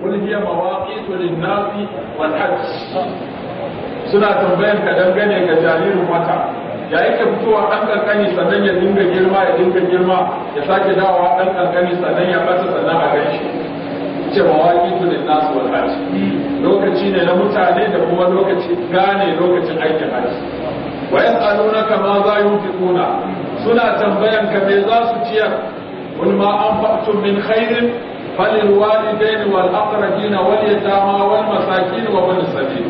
kul hiya mawaqitu lin-nasi wal hajj suna tambayan ka gane ga jaririn wata ya yake fitowa ɗan ƙanƙani sannan ya dinga girma ya dinga girma ya sake dawowa ɗan ƙanƙani sannan ya ɓata sannan a gan shi ce mawaƙi tu nasu wal hajj lokaci ne na mutane da kuma lokaci gane lokacin aikin hajji wa yas'aluna kama za yi yunfiquna suna tambayan ka me za su ciyar wani ma an fa'tum min khairin فللوالدين والأقربين واليتامى والمساكين وابن السبيل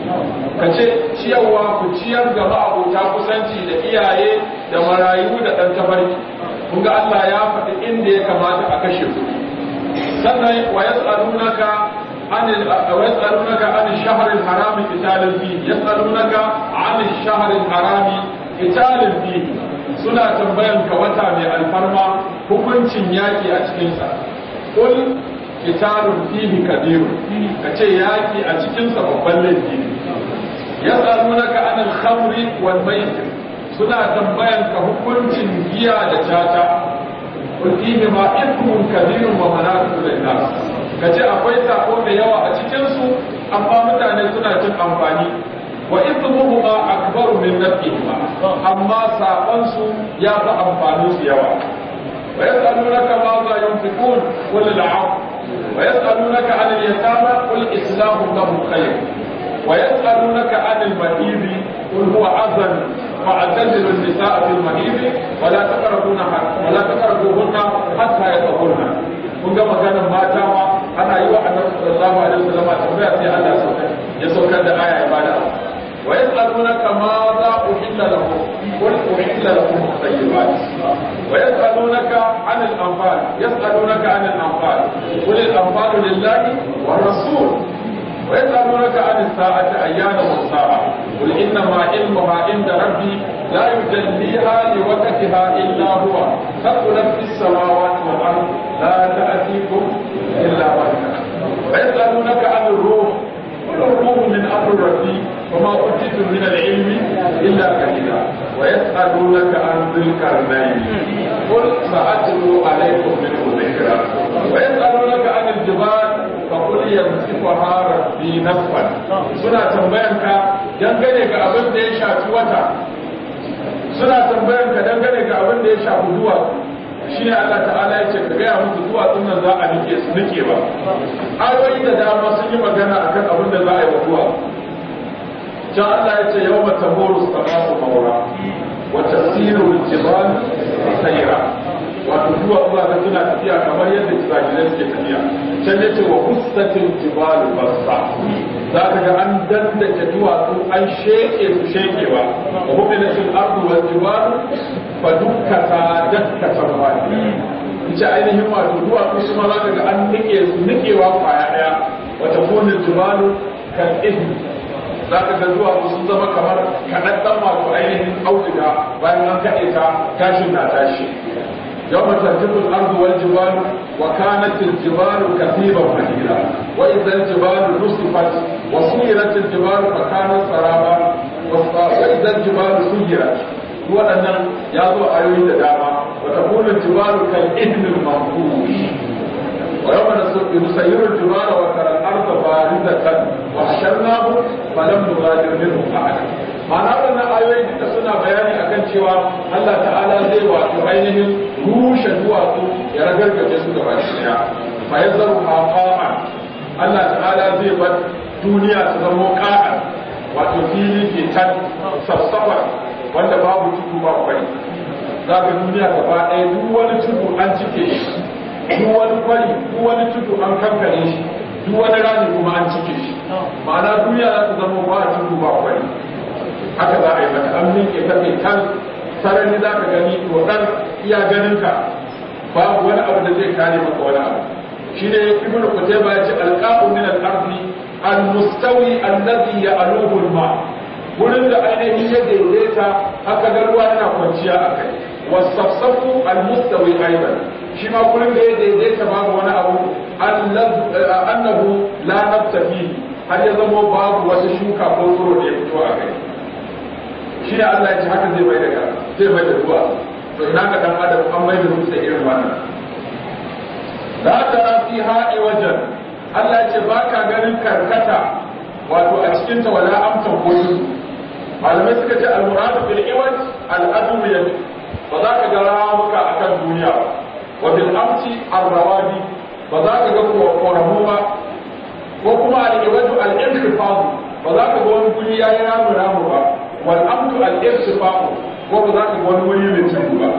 kace ciyarwa ku ciyar da ma'abota kusanci da iyaye da marayu da ɗan tafarki kun ga Allah ya faɗi inda ya kamata a kashe ku sannan wa yas'alunaka anil wa yas'alunaka anil shahril haram qitalin fi yas'alunaka anil shahril haram qitalin fi suna tambayan ka wata mai alfarma hukuncin yaki a cikin sa kul kitabun fihi kabiru ka ce yaki a sa babban laifi ya ya na ka anil khamri wal maisir suna tambayan ka hukuncin giya da jata kul fihi ma ithmun kabirun wa malaku lin nas ka ce akwai sako da yawa a cikin su amma mutane suna cin amfani wa ithmuhuma akbaru min nafihima amma sakon ya fi amfani su yawa ويسألونك ماذا ينفقون قل العفو ويسألونك عن اليتامى قل إسلام له خير ويسألونك عن المهيب قل هو عزل فاعتزلوا النساء في المهيب ولا تقربونها ولا تقربوهن حتى يطهرن كن كما كان ما جامع أنا أيوة أن صلى الله عليه وسلم أتبع في أن يسوك يسوك الدعاية عبادة ويسألونك ماذا أحل لهم قل أحل لهم الطيبات ويسألونك عن الأنفال يسألونك عن الأنفال قل الأنفال لله والرسول ويسألونك عن الساعة أيان والساعة قل إنما علمها عند ربي لا يجليها لوقتها إلا هو فقلت في السماوات والأرض لا تأتيكم إلا وقتها ويسألونك عن الروح قل الروح من أمر ربي وما أوتيتم من العلم إلا قليلا ويسألونك عن ذي القرنين قل سأتلو عليكم منه ذكرا ويسألونك عن الجبال فقل يمسكها ربي نسفا سنة تنبيهك dangane أبن abin da سنة shafi wata أبن tambayar ka dangane ga abin da ya shafi duwatsu shi ne Allah ta'ala ya ce ka gaya musu duwatsun nan za a nike su nike ba har wai da dama sun yi magana akan abin da za a yi wa duwatsu ja Allah ya ce yau mata horus ta ba maura wa tasiru al-jibal sayra wato duwatsu zuwa ga suna tafiya kamar yadda jiragirai suke tafiya can yace wa qussatil jibal basta za ka ga an dandake duwatsu an sheke su shekewa wa humilatil ardu wal jibal fa dukkata dakkata wahida ita ainihin wato duwatsu su ma daga an nike su nikewa kwaya daya wata kunin jibalu kan izni za ka ga zuwa musu zama kamar kaɗan ɗan masu ainihin auduga bayan an kaɗe ta tashin na tashi yau mata jibin arzu wal jibar wa kanatin jibar kasiban fahira wa idan jibar rusifat wa suyiratin jibar wa kanan tsaraba wa idan jibar suyirat waɗannan ya zo a yi da dama wa ta kunin jibar kan ibnin mafi وربنا يسير الجبال وترى الارض باردة وحشرناهم فلم نغادر منهم احدا ma'ana wannan ayoyi duka suna bayani akan cewa Allah ta'ala zai wato ainihin rushe duwatsu ya ragargaje su gaba ɗaya fa yazaru haqa'a Allah ta'ala zai bar duniya ta zama kaa wato fili ke tan sassafa wanda babu tudu ba kwai za ka duniya gaba ɗaya duk wani tudu an cike shi duk wani kwari duk wani tudu an kankare shi duk wani rami kuma an cike shi ma'ana duniya za ta zama ba tudu ba kwari haka za a yi mata an miƙe ke kafe kan sarari za ka gani to kan iya ganin ka babu wani abu da zai kare maka wani abu shine ibnu qutayba ya ce alqa'u min al-ardi al-mustawi alladhi ya'luhu al-ma wurin da ainihin ya daidaita haka ga ruwa yana kwanciya a kai wasafsafu almustawi aidan shi ma kullum da ya daidaita babu wani abu annahu la naftafi har ya zama babu wata shuka ko tsoro ya fito a kai shi ne Allah ya ce haka zai mai da ka to ina ka dan adam an mai da ruwa irin wannan la tara fiha iwajan Allah ya ce baka ganin karkata wato a cikin ta wala amtan koyi malamai suka ce al-muradu bil iwaj al-adu ba za ka ga ramuka a kan duniya ba wa bil amci arrawadi ba za ka ga koramu ba ko kuma al-ibadu al-inqifadu ba za ka ga wani guri ya yi ramu ramu ba wa al amtu al-inqifadu ko ba za ka ga wani wuri mai tudu ba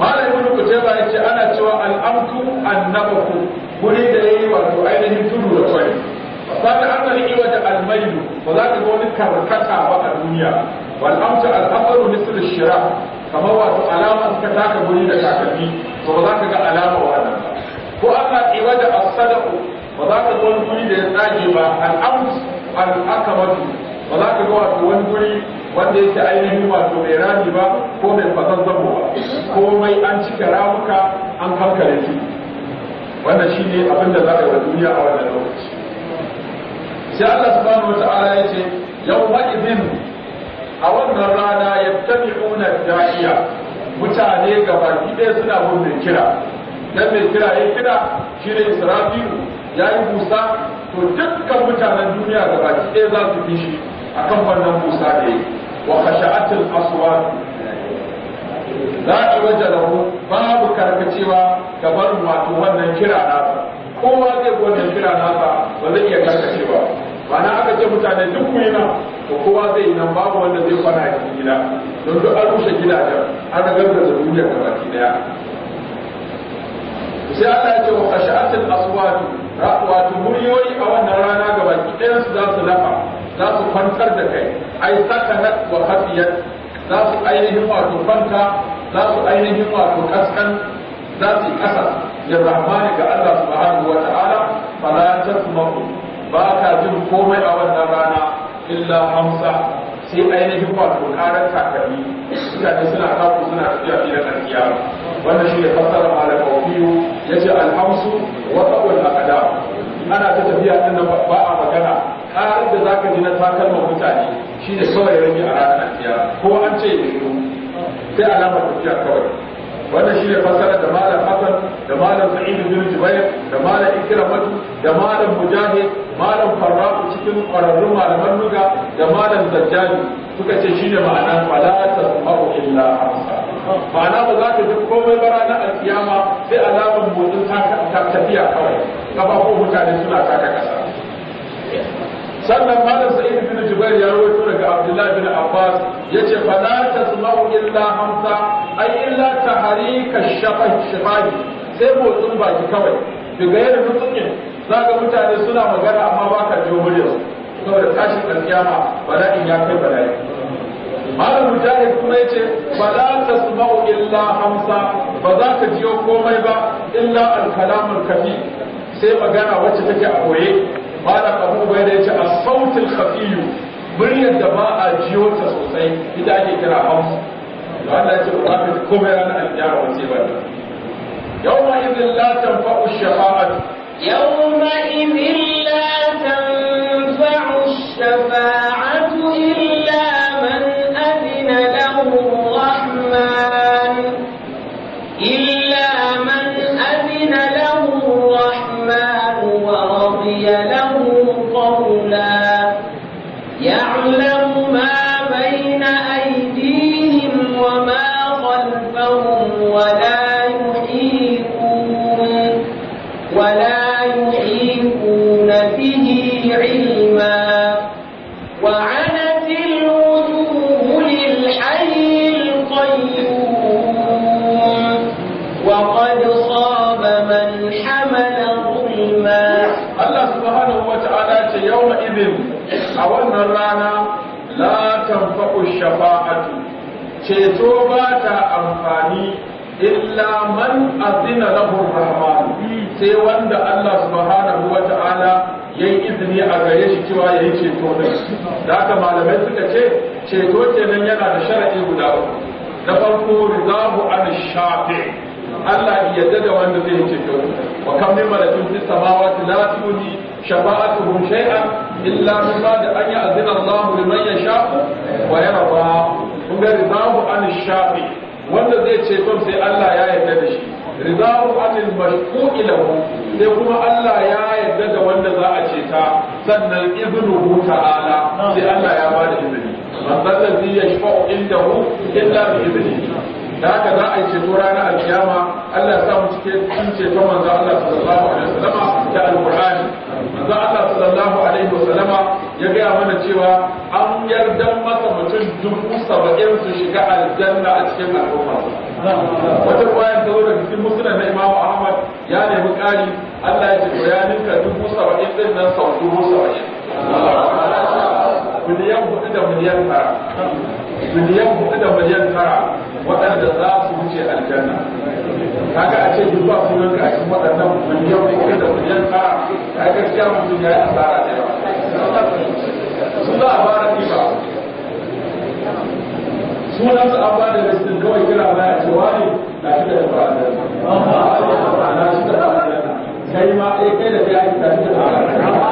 malam ibnu kutayba yace ana cewa al-amtu an nabaku guri da yayi wato ainihin tudu da kwari sabi an iwa da almailu ba za ka ga wani karkata ba a duniya wal amtu al-afaru misl shira kamar wato alama ka taka guri da takafi to ba za ka ga alama wannan ko aka ya wajen as ba za ka ga wani guri da ya tsage ba al-amus al ba za ka ga ko wani guri wanda yake ainihin wato mai rami ba ko mai zabo ba ko mai an cika ramuka an hankali su wannan shi ne abin da za a yi wa duniya a wannan lokaci sai Allah subhanahu wa ta'ala ya ce yau maizin a wannan rana yattabi'una da'iya mutane gabaki ɗaya suna bin kira dan mai kira ya kira shi ne ya yi busa to dukkan mutanen duniya gabaki ɗaya za su bi shi akan wannan busa da yi wa khasha'atul aswat za a waje lahu babu karkacewa gaban wato wannan kira nasa kowa zai wannan kira nasa ba zai iya karkacewa ba na aka ce mutane duk ku yana ko kowa zai yi nan babu wanda zai kwana a gida don duk an rushe gidajen an da duniya da baki daya sai Allah ce wa khashatil aswatu wato muryoyi a wannan rana ga baki ɗayan su za su lafa za su kwantar da kai ai sakanat wa hafiyat za su ainihin wato kwanta za su ainihin wato kaskan za su yi kasa rahmani ga Allah subhanahu wa ta'ala fala tasma'u ba ka jin komai a wannan rana illa hamsa sai ainihin wato karar kakanni mutane suna kafu suna tafiya fiye da kiya wannan shi ne fassara malaka biyu ya ce alhamsu wa tsawon akada ana ta tafiya ɗin nan ba a magana karar da za ka ji na takalmar mutane shi ne kawai rage a ranar kiya ko an ce yanzu sai alamar tafiya kawai wannan shine fasara da malam hasan da malam sa'id bin jubair da malam ikramatu da malam mujahid malam farraq cikin kwararrun malaman nuga da malam zajjani suka ce shine ma'ana fala tasma'u illa hamsa ma'ana ba za ka ji komai ba ranar alkiyama sai alamar motsin ta tafiya kawai kafafo mutane suna ta kasa sannan malam sa'id bin jubair ya rawaito daga abdullahi bin abbas yace fala tasma'u illa hamsa ai illa taharika shafahi sai motsin baki kawai daga yadda mutumin za ga mutane suna magana amma ba ka jiyo muryarsu saboda tashin alkiyama bala'in ya kai bala'i malam mujahid kuma yace ba za ta sumau illa hamsa ba za ka jiyo komai ba illa alkalamul kafi sai magana wacce take a koye malam abu bai da yace as-sautul muryar da ba a jiyo ta sosai ita ake kira hamsa والتي تقابل كبرا الدار وسبلا يومئذ لا تنفع الشفاعة يومئذ لا تنفع ceto ba ta amfani illa man azina lahu rahman sai wanda Allah subhanahu wa ta'ala yayi izini a gare shi cewa yayi ceto din da aka malamai suka ce ceto kenan yana da sharadi guda na farko rizahu an shafi Allah ya da wanda zai ceto wa kam min malakin fis samawati la tuni shafa'atuhum shay'an illa min ba'di an ya'zina Allah liman yasha'u wa yarda kun ga ridahu an shafi wanda zai ce fam sai Allah ya yarda da shi ridahu an mashkuki lahu sai kuma Allah ya yarda da wanda za a ce ta sannan ibnuhu ta'ala sai Allah ya bada izini man zalla zai yashfa'u indahu illa bi izini da haka za a yi ceto ranar alkiyama Allah ya samu cike cikin ceton manzo Allah sallallahu alaihi wasallama da alqur'ani manzo Allah sallallahu alaihi wasallama ya gaya mana cewa an yarda masa mutum dubu saba'in su shiga aljanna a cikin al'umma wata bayan ta wurin cikin musulun na imamu ahmad ya nemi ƙari Allah ya ce to ya ninka dubu saba'in din nan sau dubu saba'in miliyan hudu da miliyan tara miliyan hudu da miliyan tara waɗanda za su wuce aljanna kaga a ce duk ba su nan kashin waɗannan miliyan hudu da miliyan tara ta gaskiya mutum ya yi asara da yawa su za a fara ɗiba sunan su an ba da listin kawai kira na ya ce wani na shi da yawa aljanna na shi da yawa aljanna kai ma ɗaya eh, kai da kai ake tafi da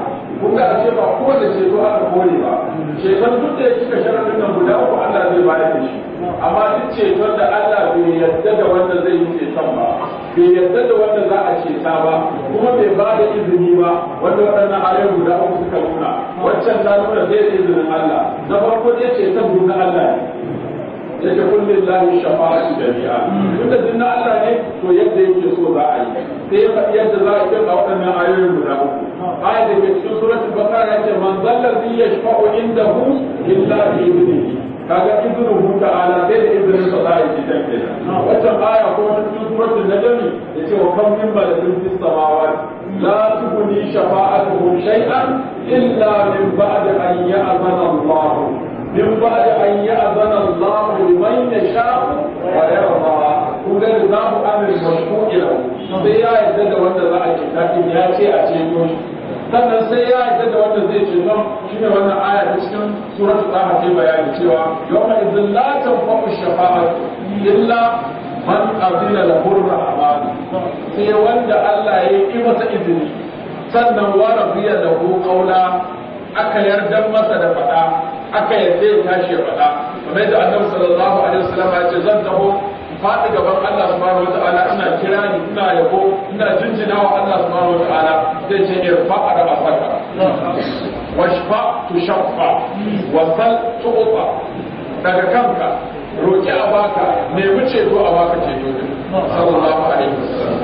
kun ga ce ba ko da ce zuwa da kore ba ceton duk da cika sharadin nan guda uku Allah zai bayar da shi amma duk ceton da Allah bai yadda da wanda zai yi ceton ba bai yadda da wanda za a ceta ba kuma bai ba da izini ba wanda waɗannan ayoyi guda uku suka nuna waccan ta nuna zai da izinin Allah na farko dai ceton guda Allah ne yake kullum lahi shafa'atu jami'a da dinna Allah ne to yadda yake so za a yi sai yadda za a kirka waɗannan ayoyi guda uku هذه من سورة البقرة من ظل الذي يشفع عنده إلا بإذنه هذا إذنه تعالى بل إذن الله يتجدد وكما يقول في سورة النجم التي وكم من بلد في السماوات لا تكوني شفاعتهم شيئا إلا من بعد أن يأذن الله من بعد أن يأذن الله لمن يشاء ويرضى غير ذاك أمر مرفوع له sai ya yarda da wanda za a ce tafi ya ce a ce to sannan sai ya yarda da wanda zai ce nan shine wannan aya ta cikin suratul taha ce bayani cewa yawma idzin la tanfa'u shafa'a illa man azina lahu ar-rahman sai wanda Allah ya yi masa izini sannan wa da ku qawla aka yarda masa da fada aka yarda ya tashi ya fada kamar yadda annabi sallallahu alaihi wasallam ya ce zan taho faɗi gaban Allah subhanahu wata'ala ina kira ni ina yabo ina jinjina wa Allah subhanahu wata'ala zai ce irfa a raba Wa shafa tu shafa wasal tu ufa daga kanka roki a baka wuce ko a baka ce din sallallahu alaihi wasallam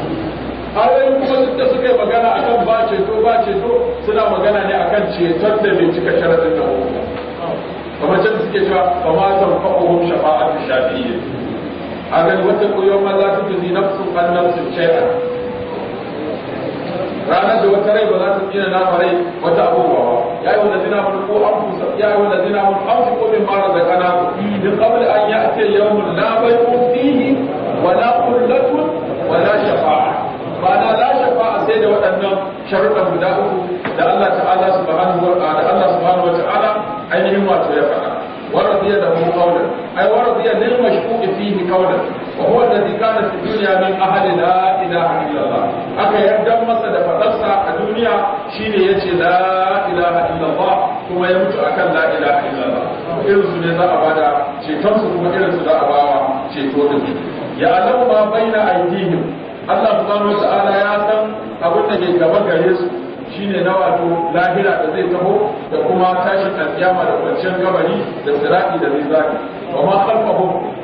ayoyin kuma duk da suka yi magana akan ba to ba to suna magana ne akan ceton da bai cika sharadin da hukuma kamar can suke cewa ba ma أذن واتقوا يوما لا تجزي نفس na نفس شيئا ranar da wata rai ba za ta tsina na farai wata abubuwa ba ya yi wanda zina mun ko an fusa ya yi wanda zina mun an fi min mara da kana da kabul an ya ce yawmun la bai fihi wala kullatun wala shafa'a ba na la shafa'a sai da waɗannan sharuɗan guda uku da Allah ta'ala subhanahu wa ta'ala Allah subhanahu wa ta'ala ainihin wato ya faɗa ورضي له قولا أي ورضي للمشكوك فيه قولا وهو الذي كان في الدنيا من أهل لا إله إلا الله أكا يبدأ مسد فتفسع الدنيا شين يجي لا إله إلا الله ثم يموت أكا لا إله إلا الله إرزو لذا أبدا شيء تمسك وإرزو لا أباوا شيء تودم يعلم ما بين أيديهم Allah subhanahu wa ta'ala ya san abin da ke gaba gare su shine na wato lahira da zai taho da kuma tashin alkiyama da kwanciyar kabari da sirati da rizaki? wa ma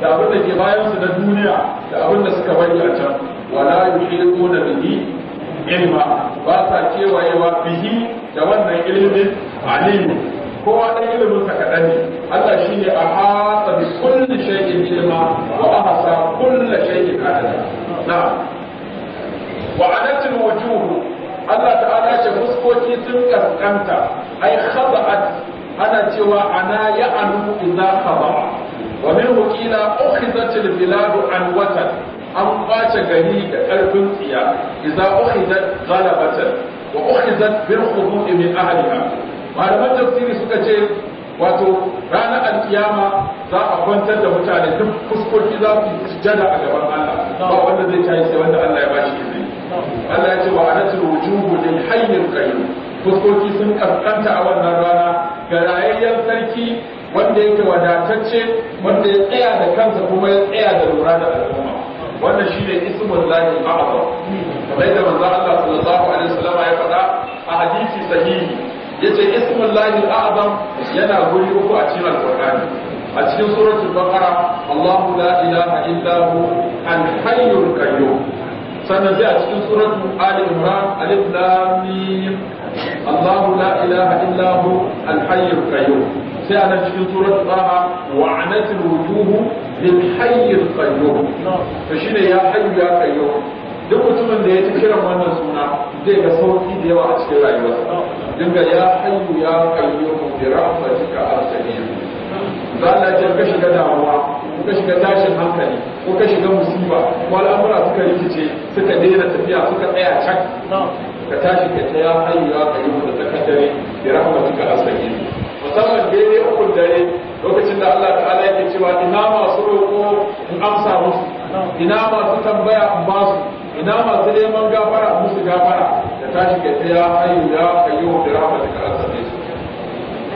da abin da ke bayan su na duniya da abin da suka bari a can wala yuhiduna bihi ilma ba sa kewayewa bihi da wannan ilimin alimu kowa dan ilimin sa kaɗan ne Allah shi ne a hasa bi kulli shay'in ilma wa ahsa kulli shay'in adada na wa adatul wujuh Allah ta'ala ce fuskoki sun kaskanta ai khaba'at ana cewa ana ya anu idza khaba'a wa min wakila ukhizat biladu an watan an kwace gari da karfin tsiya idza ukhizat ghalabatan wa ukhizat bil khudu' min ahliha malaman tafsiri suka ce wato ranar alkiyama za a kwantar da mutane duk fuskoki za su jada a gaban Allah ba wanda zai tayi sai wanda Allah ya bashi izini Allah ya ce wa anatul ayyin kai, fuskoki sun kaskanta a wannan rana ga rayayyar sarki wanda yake wadatacce wanda ya tsaya da kansa kuma ya tsaya da lura da al'umma wannan ne ismul lahi ma'azam kamar da manzo Allah sallallahu alaihi wasallam ya faɗa a hadisi sahihi yace ismul lahi al'azam yana guri uku a cikin alqur'ani a cikin suratul baqara Allahu la ilaha illa hu al-hayyul qayyum sannan sai a cikin suratu Ali Imran alif lam mim Allahu la ilaha illa hu al-hayyul sai a cikin ba Taha wa anatil wujuhu lil hayyul qayyum to shine ya hayyu ya qayyum duk mutumin da ya ci kiran wannan suna zai ga sauki da yawa a cikin rayuwarsa dinga ya hayyu ya qayyum bi rahmatika arsalin za Allah ka shiga damuwa ka shiga tashin hankali ko ka shiga musiba ko al'amura suka rikice suka daina tafiya suka tsaya can ka tashi ka ta ya hanyar ka yi da takardare da rahmatuka asali musamman yayi ukun dare lokacin da Allah ta'ala yake cewa ina masu roƙo in amsa musu ina masu tambaya in ba su ina masu neman gafara musu gafara da tashi ka ta ya hanyar ka yi da rahmatuka asali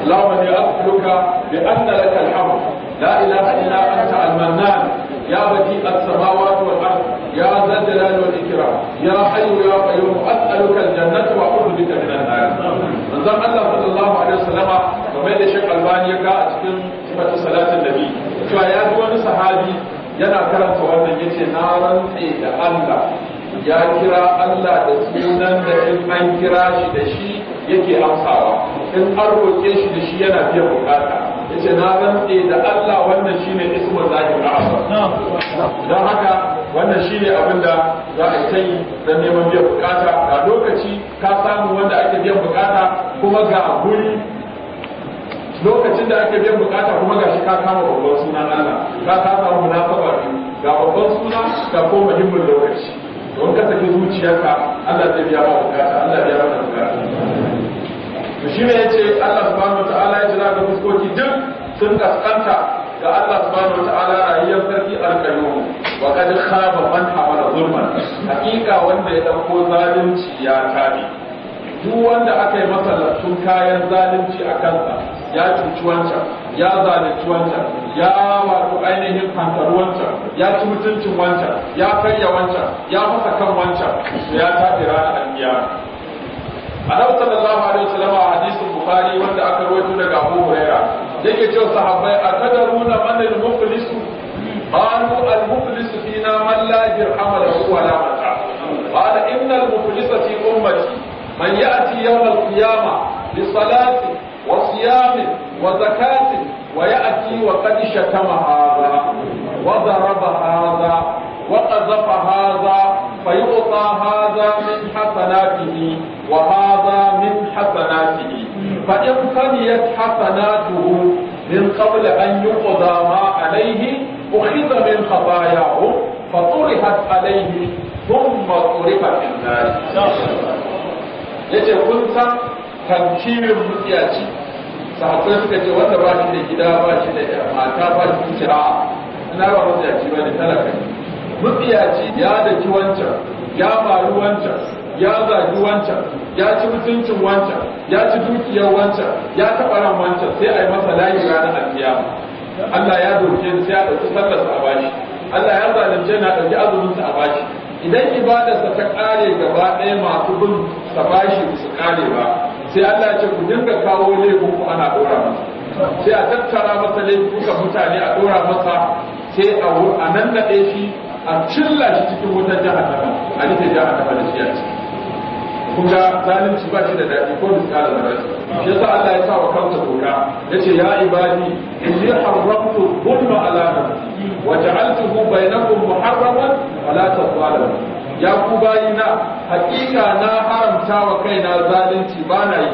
اللهم اني اسالك بان لك الحمد لا اله الا انت المنان يا بديع السماوات والارض يا ذا الجلال والاكرام يا حي يا قيوم اسالك الجنه واعوذ بك من النار manzon Allah sallallahu alaihi wasallama kamar da shan Albani ya ka a cikin sifatu salatin nabi cewa ya ji wani sahabi yana karanta wannan yace na rantse da Allah ya kira Allah da sunan da an kira shi da shi yake amsawa in arko roƙe shi da shi yana biyan bukata ce na tse da Allah wannan shi ne ismul lahi al'azam Don haka wannan ne abin da za a yi dan neman biyan bukata ga lokaci ka samu wanda ake biyan bukata kuma ga guri lokacin da ake biyan bukata kuma ga shi ka kama babban suna nana ka kama munafaba ga babban suna ga ko muhimmin lokaci don ka saki zuciyarka Allah zai biya ma bukata Allah biya ma bukata to ya ce, Allah subhanahu wataala ya jira ga fuskoki duk sun kaskanta ga Allah subhanahu wataala rayuwar sarki alkayyum wa kad khaba man hamala zulman hakika wanda ya dauko zalunci ya tabi duk wanda aka yi masa kayan zalunci a kansa ya cuci wancan ya zalunci wancan ya wato ainihin hantar wancan ya ci mutuncin wancan ya karya wancan ya fasa kan wancan ya tafi ranar alkiyama annabi sallallahu alaihi wasallam a hadisin bukhari wanda aka rawaito daga abu huraira yake cewa sahabbai akadaruna man al-muflisu qalu al-muflisu fina man la dirham lahu wa la mata qala inna al-muflisa fi ummati man ya'ti yawm al-qiyamah bi salati wa siyamin wa zakatin ويأتي وقد شتم هذا وضرب هذا وقذف هذا فيعطى هذا من حسناته وهذا من حسناته فإن فنيت حسناته من قبل أن يقضى ما عليه أخذ من خطاياه فطرحت عليه ثم طرحت النار يجب أن تنشيم المسيح sahatun suka ce wanda ba shi da gida ba shi da mata ba shi da shira'a ina ba wanda ya ci ba da talaka mafiyaci ya daki wancan ya faru wancan ya zagi wancan ya ci mutuncin wancan ya ci dukiyar wancan ya taɓa ran wancan sai a yi masa layi ranar alfiya Allah ya doke sai a ɗauki sallarsa a bashi Allah ya zalunce na ɗauki azuminsa a bashi idan ibadarsa ta ƙare gaba ɗaya masu bin sa bashi su ƙare ba sai Allah ce ku dinga kawo laifin ku ana ɗora masa sai a tattara masa laifuka mutane a ɗora masa sai a nan naɗe shi a cilla shi cikin wutar jahannama a nufin jahannama da shi a ciki kuma zalunci ba shi da daɗi ko da rashi shi yasa Allah ya sa wa kansa doka ce ya ibadi inni harramtu dhulma ala nafsi wa ja'altuhu bainakum muharraman fala tadhalamu ya ku na? hakika na haramta wa kaina zalunci ba na yi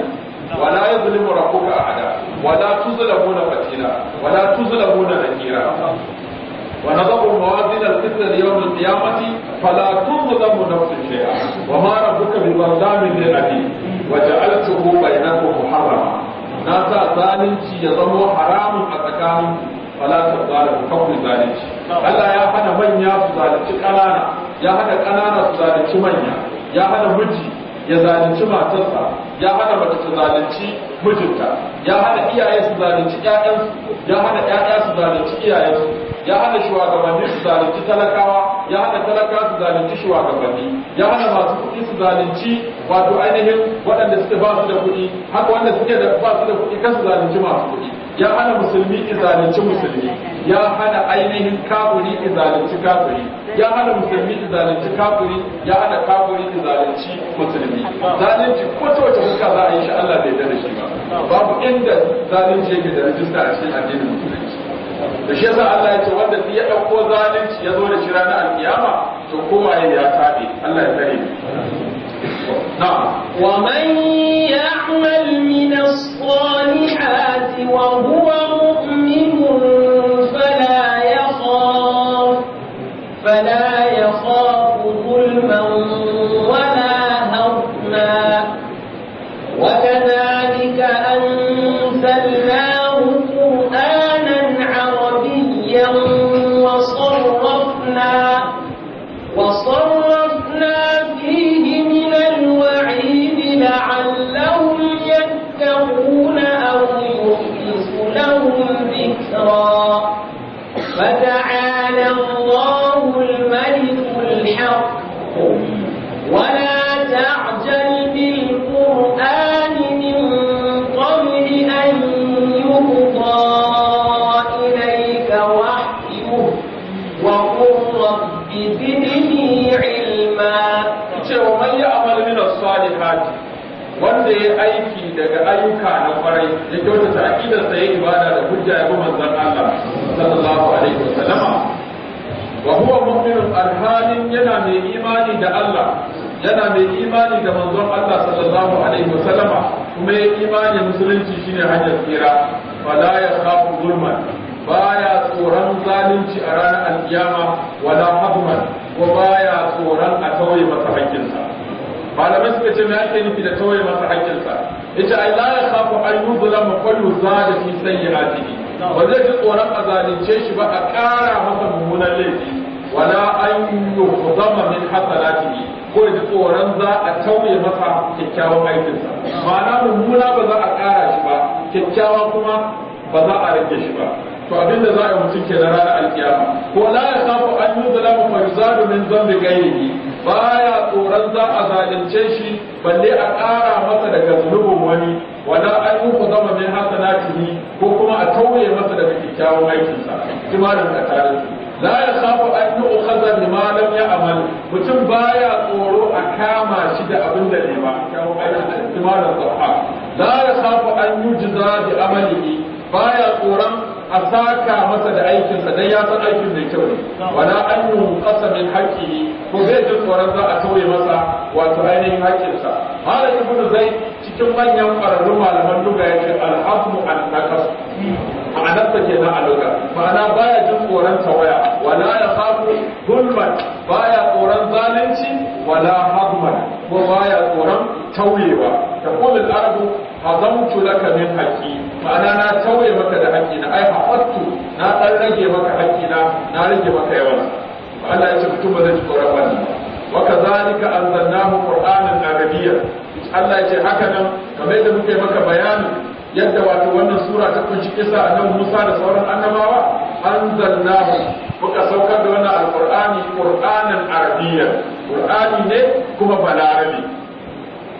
ولا يظلم ربك أحدا ولا تظلمون فتيلا ولا تظلمون نكيرا ونضع موازين القسط ليوم القيامة فلا تظلم نفس شيئا وما ربك بظلام للعبيد وجعلته بينكم محرما ناسا ظالمتي يظل حرام أتكام فلا تظالم كون ذلك ألا يا هنا من يظالم قنانا يا هنا قنانا ظالم من يا هنا مجي يظالم ما تظالم ya hana mace su zalunci mijinta ya hana iyaye su zalunci ƴaƴansu ya hana ƴaƴa su zalunci iyayensu ya hana shugabanni su zalunci talakawa ya hana talaka su zalunci shugabanni ya hana masu kuɗi su zalunci wato ainihin waɗanda suke ba su da kuɗi haka wanda suke da ba su da kuɗi kan su zalunci masu kuɗi ya hana musulmi zalunci musulmi ya hana ainihin kafiri izalunci kafuri ya hana musulmi izalunci kafuri ya hana kafiri izalunci musulmi zalunci ko ta wace za a yi shi Allah bai da shi ba babu inda zalunci yake da rajista a cikin addinin musulunci da shi yasa Allah ya ce wanda ya dauko zalunci ya zo da shi ranar alkiyama to ne ya tabe Allah ya tare na wa man yana mai imani da Allah yana mai imani da manzon Allah sallallahu alaihi wa sallama kuma ya imani musulunci shine hanyar tsira fala ya khafu zulman baya tsoron zalunci a ranar alkiyama wala hadman ko baya tsoron a tauye masa haƙƙinsa malamai suka ce me ake nufi da tauye masa haƙƙinsa yace ai la ya khafu an yuzlama fa yuzada sayyi'atihi ba zai ji tsoron a zalunce shi ba a ƙara masa mummunan laifi wala an yuhdama min hasanatihi ko da tsoron za a tauye masa kyakkyawan aikinsa ma'ana mummuna ba za a ƙara shi ba kyakkyawa kuma ba za a rage shi ba to abinda za a yi mutum ke na ranar alkiyama ko la ya samu an yi zalamu fa yuzadu min zambi gairihi baya tsoron za a zalunce shi balle a ƙara masa daga zunubin wani wala an yi ku zama min hasanatihi ko kuma a tauye masa daga kyakkyawan aikinsa kimanin a tarin la ya safu an yi ukhazan lam ya amal mutum baya tsoro a kama shi da abin da ne ba kawo ayyukan la ya safu an yujza bi amalihi baya tsoron a saka masa da aikinsa dan ya san aikin da kyau ne wala an yunqasa min ne, ko zai ji tsoron za a tauye masa wato ainihin haƙƙinsa malamin ibnu zai cikin manyan ƙwararrun malaman duga yake al-hafmu an-naqas ma'anarsa kenan a lura ma'ana baya jin ta tawaya wala ya khafu zulman baya tsoron zalunci wala hadman ko baya tsoron tauyewa da kullun arabu hazamtu laka min haqqi ma'ana na tauye maka da haƙƙi na ai hafattu na dan rage maka haƙƙi na na rage maka yawan Allah ya ce mutum ba zai tsoron wannan wa kadhalika anzalnahu qur'anan arabiyya Allah ya ce haka nan kamar da muke maka bayanin yadda wato wannan sura ta kunshi kisa a nan Musa da sauran annabawa anzalnahu muka saukar da wannan alqur'ani qur'anan arabiyya qur'ani ne kuma balarabi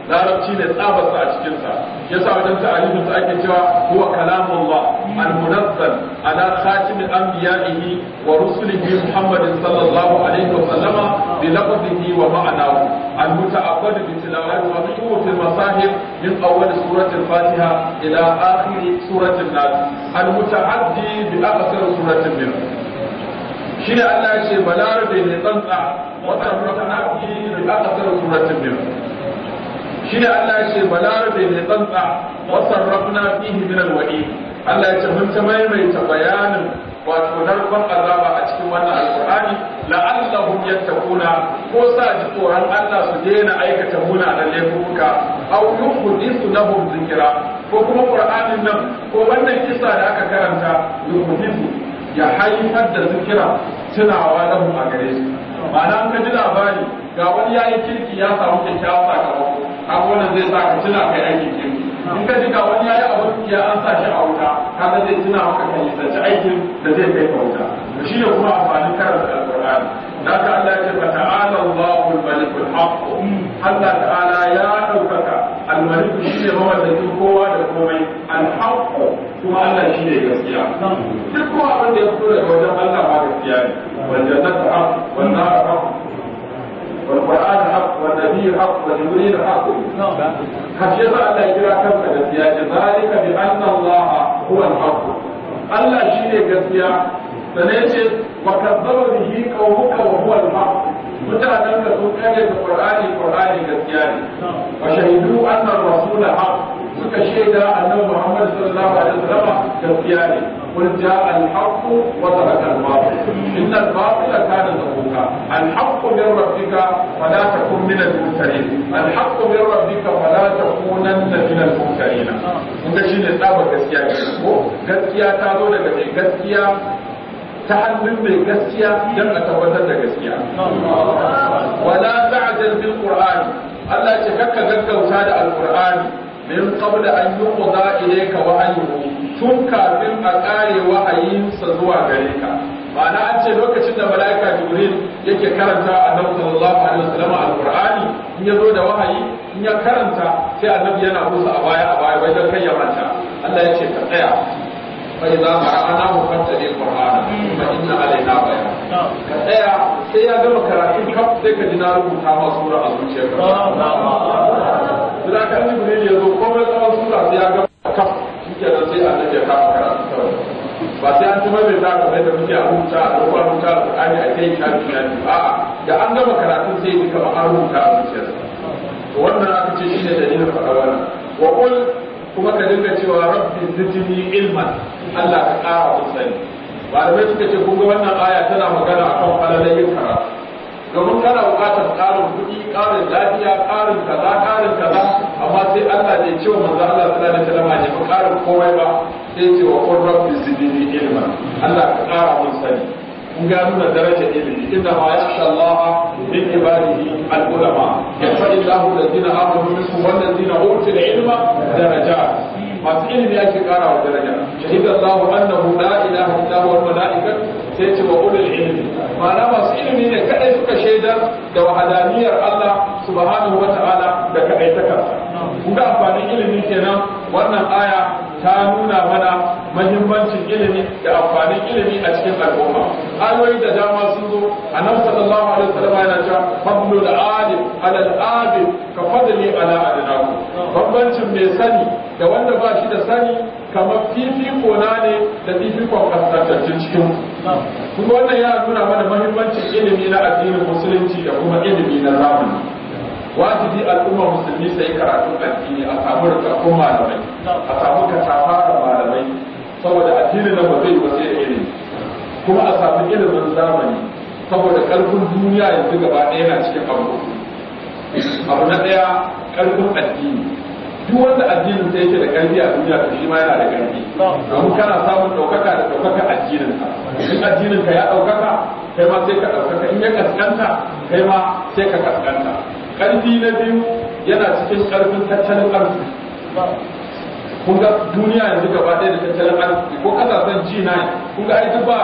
larabci ne tsabarsa a cikinsa ya sa wajen ta'arifin ake cewa huwa kalamullah al-munazzal ala khatim anbiya'ihi wa rusulihi muhammadin sallallahu alaihi wa sallama bi lafzihi wa ma'anahu al-muta'abbad bi tilawati wa mashhur fil masahib min awwal surati al-fatiha ila akhir surati an-nas al-muta'addi bi aqsar surati min shi ne Allah ya ce balarabe ne tsantsa wata rukuna bi aqsar surati min shine Allah ya ce balarabe mai tsantsa wa sarrafna fihi min alwadi Allah ya ce mun ta maimaita bayanin wato narkon azaba a cikin wannan alqur'ani la'allahum yattaquna ko sa ji tsoron Allah su daina aikata da laifuka aw yuhdithu lahum dhikra ko kuma qur'anin nan ko wannan kisa da aka karanta yuhdithu ya haifar da zikira tunawa mu a gare su ma'ana an ka ji labari ga wani yayi kirki ya samu kyakkyawan sakamako abubuwan zai sa ka tuna kai aikin ke in ka jika wani ya yi abin ya an sa shi a wuta kaga zai tuna maka da ci aikin da zai kai ka wuta shi ne kuma karar karanta alƙur'ani da ka Allah ya ce Allahu al-malik al-haq Allah ta'ala ya al-malik shi ne duk kowa da komai al-haq kuma Allah shi ne gaskiya duk kuma abin da ya fito daga wajen Allah ba gaskiya ne Wanda jannatu wanda wan والقرآن حق والنبي حق وجبريل حق حفظ الله يجرى كم قدسيا ذلك بأن الله هو الحق الله شيء قدسيا فنيتي وكذب به قومك وهو الحق متعلم لسوء كلمة القرآن القرآن قدسيا وشهدوا أن الرسول حق suka shaida annabi Muhammad sallallahu alaihi wasallam gaskiya ne qul jaa al-haqq wa taraka al-batil inna al-batila kana zahuqa al-haqq min rabbika fala takun min al-mumtarin al-haqq min rabbika fala takunanna min al-mumtarin kun ga shine tsaba gaskiya ne ko gaskiya ta zo daga mai gaskiya ta hannun mai gaskiya don a tabbatar da gaskiya wala ta'jal bil qur'an Allah ce kakka gaggauta da al-qur'ani min qabla an yuqda ilayka wahyuhu tun kafin a kare wahayinsa zuwa gare ka ma'ana an ce lokacin da mala'ika jibril yake karanta annabi sallallahu alaihi wasallam alqur'ani in ya zo da wahayi in ya karanta sai annabi yana musu a baya a baya wajen kai ya manta Allah ya ce ka tsaya fa idza qara'nahu fattabi alqur'ana fa inna alaina bayan ka tsaya sai ya gama karatu kaf sai ka ji na rubuta ma sura a zuciyarka da ka ni gure ya zo komai tsawon sura sai ya gama kaf shike da sai an da ka fara kawai ba sai an tuma mai zaka mai da muke a rubuta a rubuta a Qur'ani a kai ka ji nan a da an gama karatun sai ni kama an rubuta a to wannan aka ce shine dalilin faɗa wannan wa qul kuma ka dinga cewa rabbi zidni ilman Allah ka ƙara mun sani malamai suka ce kun ga wannan aya tana magana akan falalan yin karatu domin kana bukatar karin kuɗi karin lafiya karin kaza karin kaza amma sai Allah ne cewa manzo Allah sallallahu alaihi wasallam ne ba karin komai ba sai ce wa qur rabbi zidni ilma Allah ka kara mun sani kun ga nuna darajar ilimi inna ma yasha Allah min ibadihi al ulama yarfa'u Allahu alladhina amanu minkum wal ladina utul ilma darajat masu ilimi ake kara wa daraja shahidallahu annahu la ilaha illa huwa al malaikatu sai ce wa ulul ilmi ma'ana masu ilimi ne kadai suka shaidar da wahadaniyar Allah subhanahu wa ta'ala da kadai ta kansa kun ga amfanin ilimi kenan wannan aya ta nuna mana mahimmancin ilimi da amfanin ilimi a cikin al'umma ayoyi da dama sun zo a nan sallallahu alaihi wasallam yana cewa fadlu al-alim ala al ka fadli ala adnaku bambancin mai sani da wanda ba shi da sani kamar fifiko na ne da fifikon kaskantaccen cikin kuma wannan ya nuna mana mahimmancin ilimi na addinin musulunci da kuma ilimi na zamani wajibi al'umma musulmi sai karatu addini a samu rikakkun malamai a samu katafara malamai saboda addini na ba zai wasu irin, kuma a samu ilimin zamani saboda karfin duniya yanzu gaba ɗaya na cikin abu abu na ɗaya karfin addini duk wanda addinin ta yake da karfi a duniya to shi ma yana da karfi domin kana samun ɗaukaka da ɗaukaka ka in addinin ka ya ɗaukaka kai ma sai ka ɗaukaka in ya kaskanta kai ma sai ka kaskanta ƙarfi na biyu yana cikin ƙarfin tattalin arziki kun ga duniya yanzu gaba ɗaya da tattalin arziki ko ƙasashen g9 kun ga aiki ba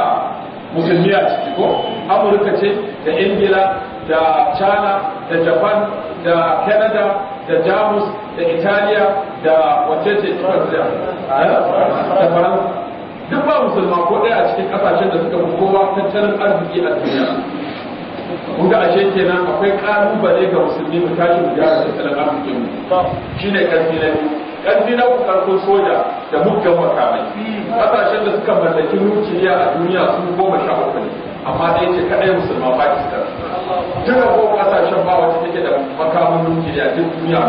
musulmi a ciki ko amurka ce da ingila da china da japan da canada da jamus da italiya da wace ce eh? da faransa duk ba musulma ko ɗaya a cikin ƙasashen da suka fi kowa tattalin arziki a duniya kun ga ashe kenan akwai kalubale ga musulmi mu tashi mu gyara tattalin arzikin mu shine karfi na biyu karfi na uku karfin soja da muggan makamai kasashen da suka mallaki nukiliya a duniya sun goma sha uku amma da yake kaɗai musulma pakistan duka ko kasashen ba wata take da makamun nukiliya duk duniya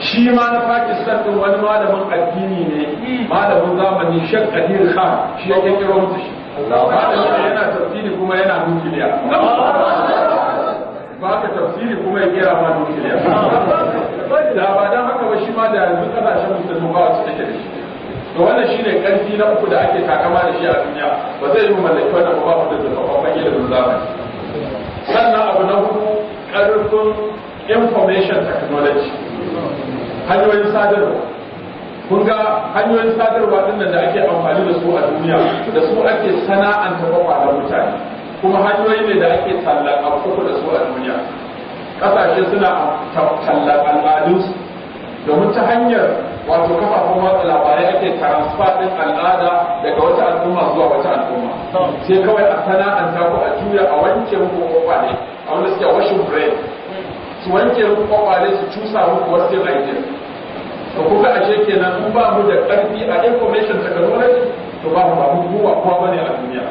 shi ma na pakistan din wani malamin addini ne malamin zamani shan kadir khan shi ya kirkiro mutu shi yana tafsiri kuma yana nukiliya ba ka tafsiri kuma ya kira ba nukiliya da ba don haka ba shi ma da yanzu kasashen musulmi ba su take da shi to wannan shine karfi na uku da ake takama da shi a duniya ba zai yi mallaki wannan ba ku da zafafan ilimin zamani sannan abu na hudu karfin information technology hanyoyin sadarwa kun ga hanyoyin sadarwa din da ake amfani da su a duniya da su ake sana'anta kwakwa da mutane kuma hanyoyi ne da ake tallan abubuwa da su a duniya kasashe suna tallan al'adunsu domin ta hanyar wato kafafen watsa labarai ake transfer din al'ada daga wata al'umma zuwa wata al'umma sai kawai a sana'anta ko a juya a wanke muku kwakwa ne a wani suke washing brain su wanke muku kwakwa ne su cusa muku wasu yin to kuka ashe kenan in ba mu da ƙarfi a information technology to ba mu ba mu kowa kowa bane a duniya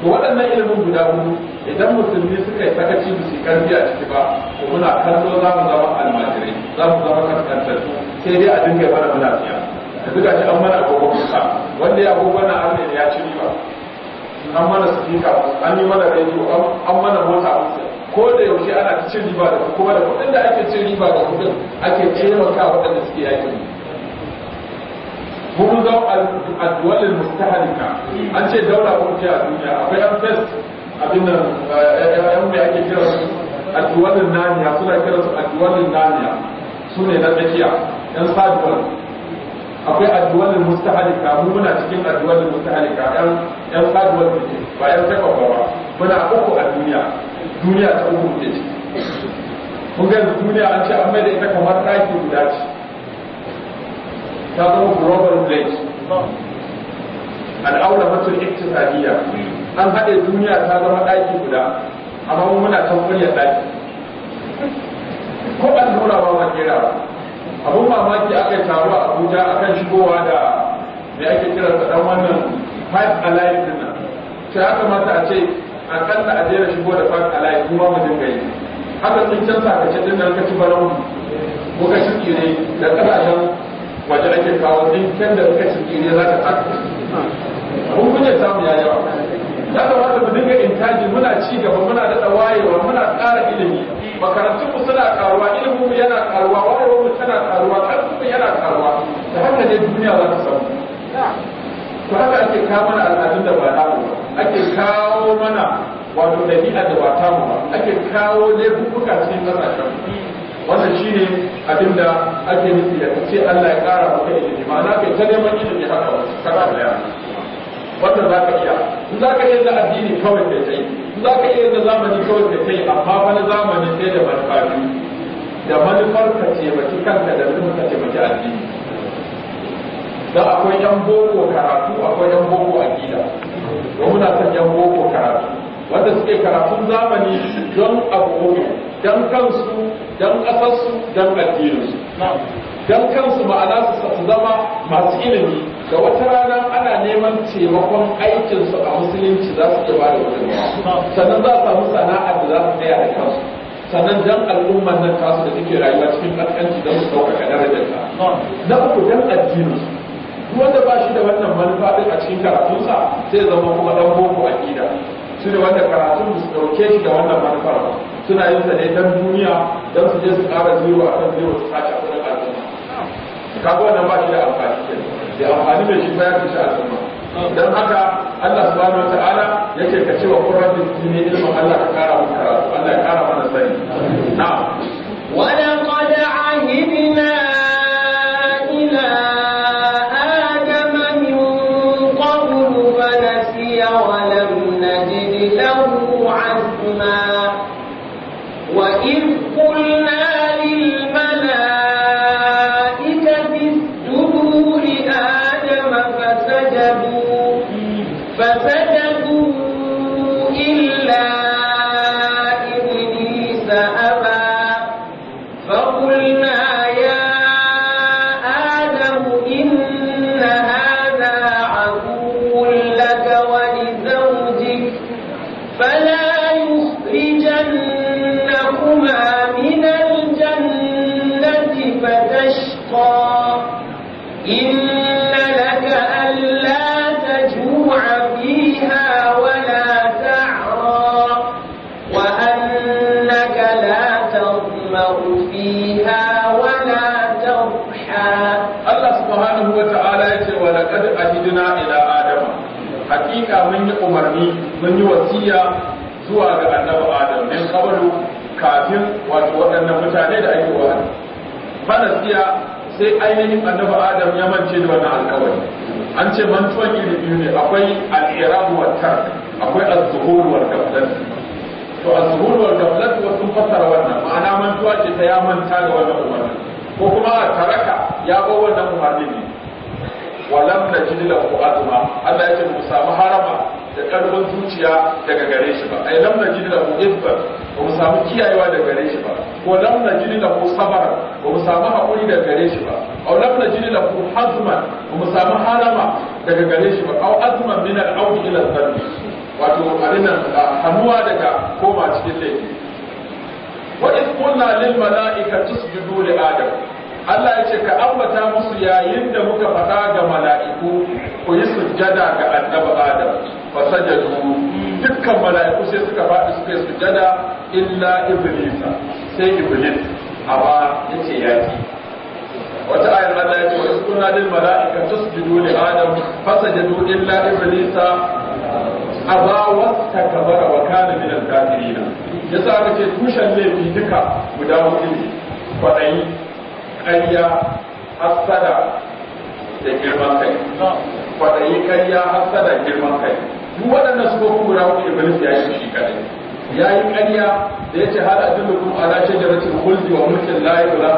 to waɗannan ilimin guda hudu idan musulmi suka yi sakaci su karfi a ciki ba to muna kallo za mu zama almajirai za mu zama kaskantattu sai dai a dinga mana muna biya da duka shi an mana agogon kusa wanda ya agogon na arne ya ci ba an mana sifika an yi mana rediyo an mana mota ko da yaushe ana cin riba da kuma da kudin da ake cin riba da kudin ake taimaka waɗanda suke yakin buruza al-duwalil mustahalika an ce daula ko ce a duniya akwai an fes abin nan yan eh, eh, eh, da ake kira su al-duwalil naniya suna kira su al-duwalil naniya su ne na tsakiya yan saduwal akwai al-duwalil mustahalika mu muna cikin al-duwalil mustahalika yan yan saduwal ne ba yan takwa ba muna uku a duniya duniya ta uku ke ciki kun ga duniya an ce an da ita kamar ɗaki guda ce ta zama global village al'aura matul iktisadiyya an haɗe duniya ta zama ɗaki guda amma muna kan muryar ɗaki ko an nuna ba ma ba abun mamaki aka yi taro a abuja akan shigowa da me ake kira da ɗan wannan five alive din nan sai aka mata a ce akalla a daina shigo da fa a layi kuma mu dinga yi haka sun canza ka cikin nan ka ci barau ko ka ci kire da kasashen wajen ake kawo din kan da ka ci kire za ka tsaka mun kunya samu ya yawa ya kamata mu dinga intaji muna ci gaba muna daɗa wayewa muna ƙara ilimi makarantu mu suna karuwa ilimin mu yana karuwa wayewar mu tana karuwa ƙarfin mu yana karuwa da haka ne duniya za ta samu to haka ake kawo mana al'adun da ba na ake kawo kawo mana wato dabi'a da wata ba ake kawo laifuka cikin kasashen wannan ne abin da ake nufi da ce Allah ya kara maka ilimi na kai ta neman ilimi haka kana da yawa wannan za ka iya in za ka iya da addini kawai da kai in za ka iya da zamani kawai da kai amma wani zamani sai da manufa biyu da manufar ka taimaki kanka da kuma ka ki addini da akwai yan boko karatu akwai yan boko akida ba muna son yan boko karatu wanda suke karatun zamani don abu don kansu don ƙasarsu don addininsu don kansu ma'ana su zama masu ilimi da wata rana ana neman taimakon aikinsu a musulunci za su ba da wani sannan za su samu sana'ar da za su tsaya da kansu sannan dan al'ummar nan tasu da take rayuwa cikin ƙasƙanci don su ɗaukaka darajar ta na uku dan addininsu wanda ba shi da wannan manufa a cikin karatunsa sai zama kuma dan boko akida su ne wanda karatun su dauke shi da wannan manufar suna yin sa ne dan duniya dan su je su kara zero a kan zero su sace a cikin al'umma kaga wannan ba shi da amfani ke da amfani mai shi bayar da shi al'umma dan haka Allah subhanahu wataala yake ka cewa qur'ani ne ilmin Allah ka kara mana karatu Allah ya kara mana sani na'am فسجد umarni mun yi wasiya zuwa ga annabi adam min qablu kafin wato waɗannan mutane da ake wa siya sai ainihin annabi adam ya mance da wannan alƙawari an ce mantuwan iri biyu ne akwai al irabu wa tark akwai az-zuhur wa to az-zuhur wa wa sun fassara wannan ma'ana mantuwa ce ta ya manta da wannan umarni ko kuma a taraka ya ba wannan umarni ne walam najid lahu azma Allah ya ce mu samu harama da karfin zuciya daga gare shi ba ai lam jini da ibba ba mu samu kiyayewa daga gare shi ba ko lam da lahu sabar ba mu samu hakuri daga gare shi ba aw lam da lahu hazma ba mu samu halama daga gare shi ba aw azman min al-aud ila al wato arinan hannuwa daga koma cikin laifi wa iz qulna lil malaika tusjudu li adam Allah ya ce ka ambata musu yayin da muka faɗa ga mala'iku ku yi sujjada ga annabi Adam fasajadu dukkan mala'iku sai suka faɗi suke yi sujada illa iblis sai iblis amma yace ci wata ayar Allah yace wa kunna dil mala'ika tasjudu li adam fasajadu illa iblis aba kabara wa kana min al kafirin yasa aka ce tushen laifi duka guda hudu kwadai kwaɗayi asada da girman kai kwadai kayya hassada girman kai duk waɗannan su ko guda uku iblis ya yi shi kadai ya yi ƙarya da ya ce duk kuma ala jaratul khuldi wa mulkin la yabla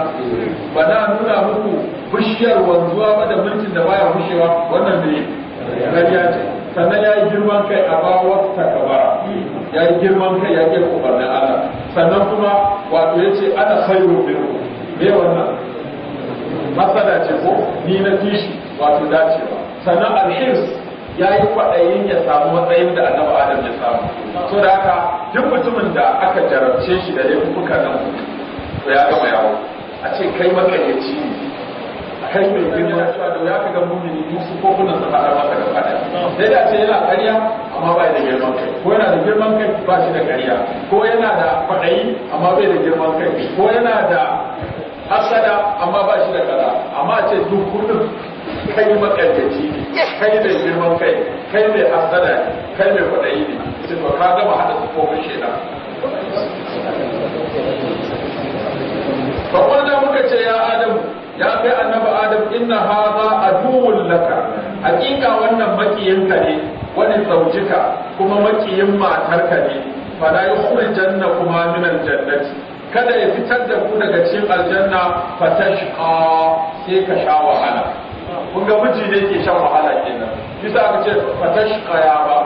ba na nuna muku bishiyar wanzuwa ba da mulkin da baya bushewa wannan ne ƙarya ce sannan ya yi girman kai a wata kaba ya yi girman kai ya ƙi umarnin Allah sannan kuma wato ya ce ana sayo min me wannan masala ce ko ni na fishi wato dacewa sannan alhirs ya yi kwaɗayin ya samu matsayin da annabi adam ya samu so da haka duk mutumin da aka jarabce shi da laifuka nan to ya gama yawo a ce kai makayyaci ne kai mai girma cewa da ya ka ga mumini duk su kofunan su haɗa masa da fada sai da ce yana ƙarya amma ba da girman kai ko yana da girman kai ba shi da ƙarya ko yana da kwaɗayi amma bai da girman kai ko yana da hasada amma ba shi da kaza amma a ce duk kullum kai makaryaci ne kai mai girman kai kai mai hasada ne kai mai kwaɗayi ne sai ka gama haɗa sufofin shaidan faƙon da muka ce ya adam ya kai annaba adam inna haza aduwwun laka hakika wannan ka ne wani saujika kuma makiyin matarka ne fala yukhrijanna kuma minan Jannati? kada ya fitar da ku daga cikin aljanna fatashqa sai ka sha wahala kun ga miji ne ke shan wahala kenan bisa aka ce fatashqa ya ba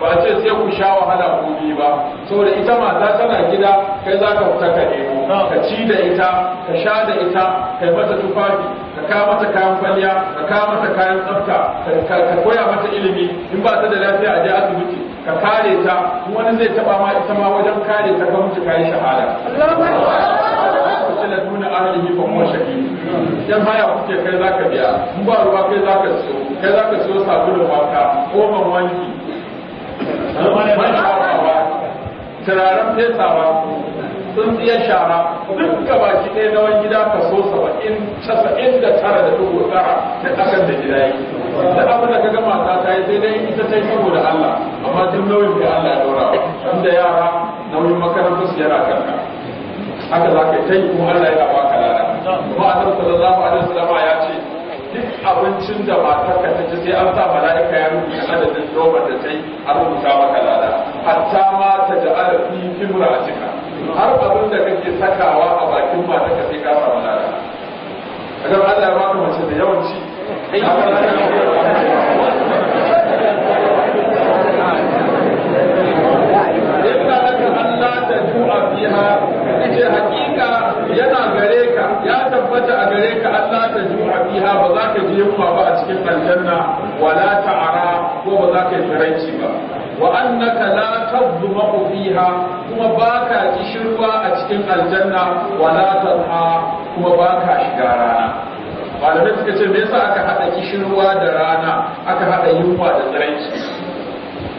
ba ce sai ku sha wahala ku bi ba saboda ita mata tana gida kai za ka fita ka nemo ka ci da ita ka sha da ita ka yi mata tufafi ka kawo mata kayan kwalliya ka kawo mata kayan tsafta ka koya mata ilimi in ba ta da lafiya a je asibiti ka kare ta wani zai taba ma ita ma wajen kare ta ka mutu kayi shahada. Allahu akbar nuna ahalihi ba yan haya kuke kai za ka biya in ba ruwa kai za ka siyo kai za ka siyo sabulun wanka oman wanki man shafawa turaren sun iya shara duk gabaki ɗaya na wani gida ka kaso saba'in casa'in da tara da dubu tara da ƙasar da gida yi da abin da ka gama ta ta yi sai dai ita ta yi saboda Allah amma duk nauyin da Allah ya ɗora inda yara nauyin makarantar su yana kanka haka za ka yi ta yi kuma Allah ya ba ka lada ko sallallahu alaihi ya ce duk abincin da matarka ta ci sai an sa mala'ika ya rubuta adadin robar da sai a rubuta maka lada hatta ma ta da fi kibra cika har abin da kake sakawa a bakin matarka sai ka samu lada kaga Allah ya baka mace da yawanci tabbata a gare ka Allah ta a fiha ba za ka ji yunwa ba a cikin aljanna wala ta'ara ko ba za ka yi taranci ba wa annaka la tadhma fiha kuma ba ka shirwa a cikin aljanna wala tadha kuma ba ka shiga rana malamai suka ce me yasa aka hada kishirwa da rana aka hada yunwa da taranci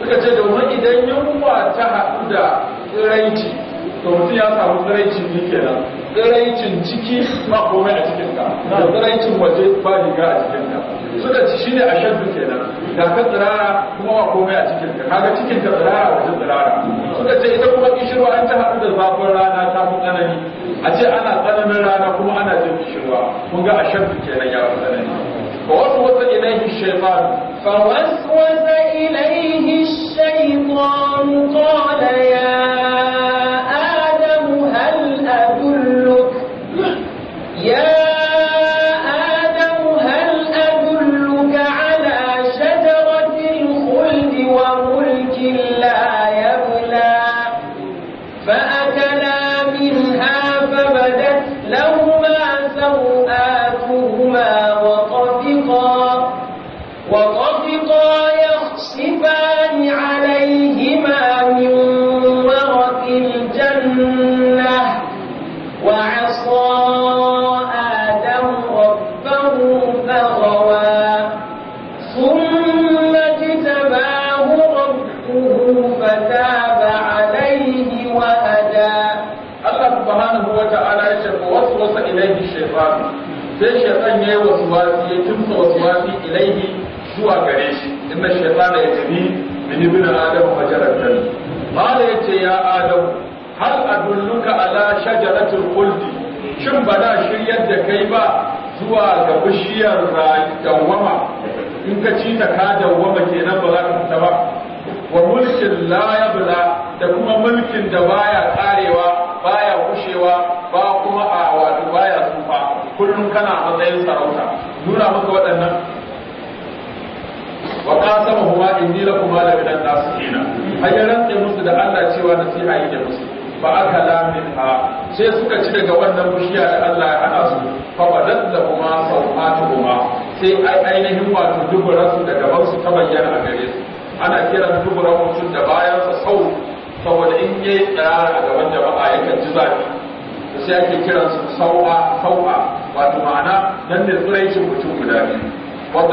suka ce domin idan yunwa ta haɗu da tsiranci. to mutum ya samu tsiraicin ne kenan tsiraicin ciki ba komai a cikin ka da tsiraicin waje ba riga a cikin ka suka ci shine a shaddu kenan da ka tsirara kuma ba komai a cikin ka kaga cikin ka tsirara waje tsirara suka ce ita kuma kishirwa an ta haɗu da zafin rana ta fi tsanani a ce ana tsananin rana kuma ana jin kishirwa kun ga a shaddu kenan ya fi tsanani فوسوس إليه الشيطان فوسوس إليه الشيطان قال shin ba na shiryar da kai ba zuwa ga bishiyar dawama in ka ci ta ka dawama kenan ba za ka fita ba wa mulkin la bula da kuma mulkin da baya karewa baya kushewa ba kuma a wato baya tsufa kullum kana matsayin sarauta nuna maka waɗannan wa qasama huwa inni lakum la min an hayyaran ayyaran musu da Allah cewa nasiha yake musu fa akala minha sai suka ci daga wannan bishiya da Allah ya hana su fa kuma sauƙatu kuma sai ainihin wato dubura su da gaban su ta bayyana a gare su ana kiran dubura mutum da bayan sa sau saboda in yayi tsara a gaban jama'a yakan ji zafi sai ake kiran su sau'a sau'a wato ma'ana dan da tsiraicin mutum guda biyu wa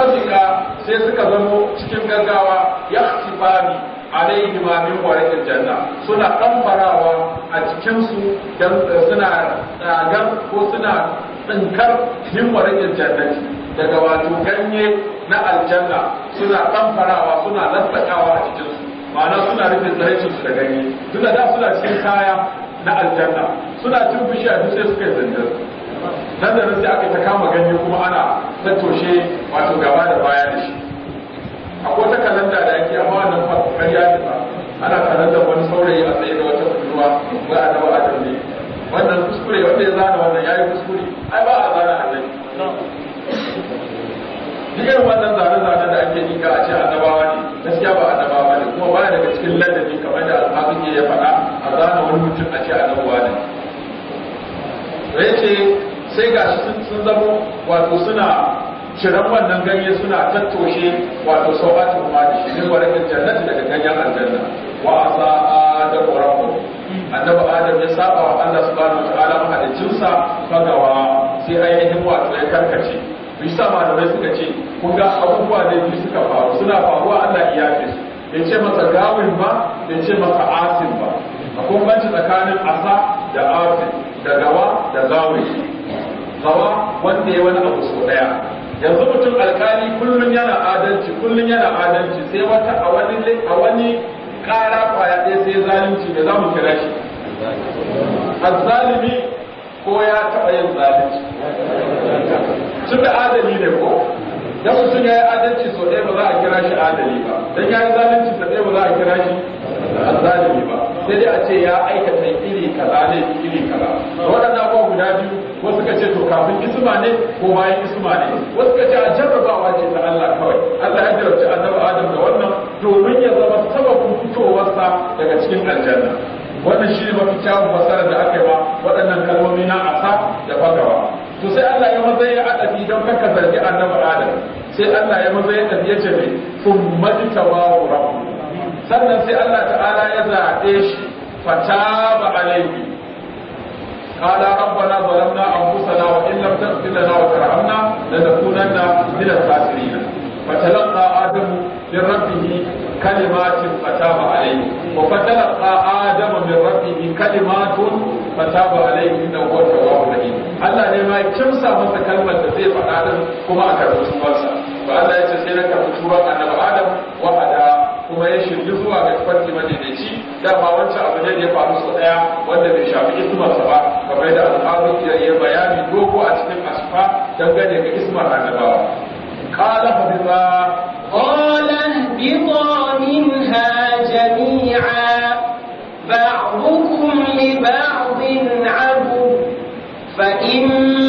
sai suka zamo cikin gaggawa ya ni alaihi ma min warqil janna suna ɗanbarawa a cikinsu dan eh, suna tsagar eh, ko suna tsinkar min warqil janna daga wato ganye na aljanna suna ɗanbarawa suna lantsakawa a cikinsu ma'ana suna rufe tsaraicin su da ganye tunda da suna cikin kaya na aljanna suna cin bishiya duk sai suka yi zanjar nan da nan sai aka ta kama ganye kuma ana tattoshe wato gaba da baya da shi akwai wata kalanda da ake amma wannan ba karya ne ba ana kalandar wani saurayi a tsaye da wata budurwa wai a daba adam wannan kuskure wanda ya zana wannan ya yi kuskure ai ba a zana annabi duk wannan zane-zane da ake yi ka a ce annabawa ne gaskiya ba annabawa ne kuma baya daga cikin ladabi kamar da alhazin ya faɗa a zana wani mutum a ce annabawa ne da ce sai ga sun zama wato suna ciran wannan ganye suna tattoshe wato sauƙatin ma shi ne warakin jannati daga ganyen aljanna wa asa adam rabbu annabi adam ya saba wa Allah wata wataala mahalicinsa fagawa sai ainihin wato ya karkace bisa malamai suka ce kun ga abubuwa da biyu suka faru suna faruwa Allah iya fi ce masa gawin ba ya ce masa asin ba a banci tsakanin asa da asin da gawa da gawin gawa wanda ya wani abu sau daya yanzu mutum alkali kullum yana adalci kullum yana adalci sai wata a wani a wani kara kwaya ɗaya sai zalunci da za mu kira shi azzalimi ko ya taɓa yin zalunci tun da adali ne ko dan mutum ya yi adalci sau ɗaya ba za a kira shi adali ba dan ya yi zalunci sau ɗaya ba za a kira shi azzalimi ba sai dai a ce ya aikata kaza ne irin kaza waɗannan abubuwa guda biyu wasu ka ce to kafin isma ne ko bayan isma ne wasu ka ce a jarrabawa ce ta Allah kawai Allah ya jarrabci annabi Adam da wannan domin ya zama sababin fitowarsa daga cikin aljanna wannan shi ne mafi kyawun fasara da aka yi ba waɗannan kalmomi na asa da fagawa to sai Allah ya mazai ya adabi don kanka zargi annabi Adam sai Allah ya mazai ya tafi ya ce mai thumma wa rabbu sannan sai Allah ta'ala ya zaɓe shi fataba alaihi qala rabbana zalamna anfusana wa in lam taghfir lana wa tarhamna lanakunanna min al-khasirin fatalaqa adamu min rabbih kalimatin fataba alaihi wa fatalaqa adamu min rabbih kalimatun fataba alaihi innahu huwa tawwabur rahim Allah ne ma ya kimsa masa kalmar da zai faɗa din kuma a karɓi Allah ya ce sai na karɓi tubar annabi kuma ya shirya zuwa ga kwanci madaidaici dama wancan abu ne ya faru sau daya wanda bai shafi ismarsa ba kamar da al'adu ya bayani dogo a cikin asfa dangane ga ismar annabawa qala habiba qala habiba ha jami'a ba'dukum li ba'din abu fa in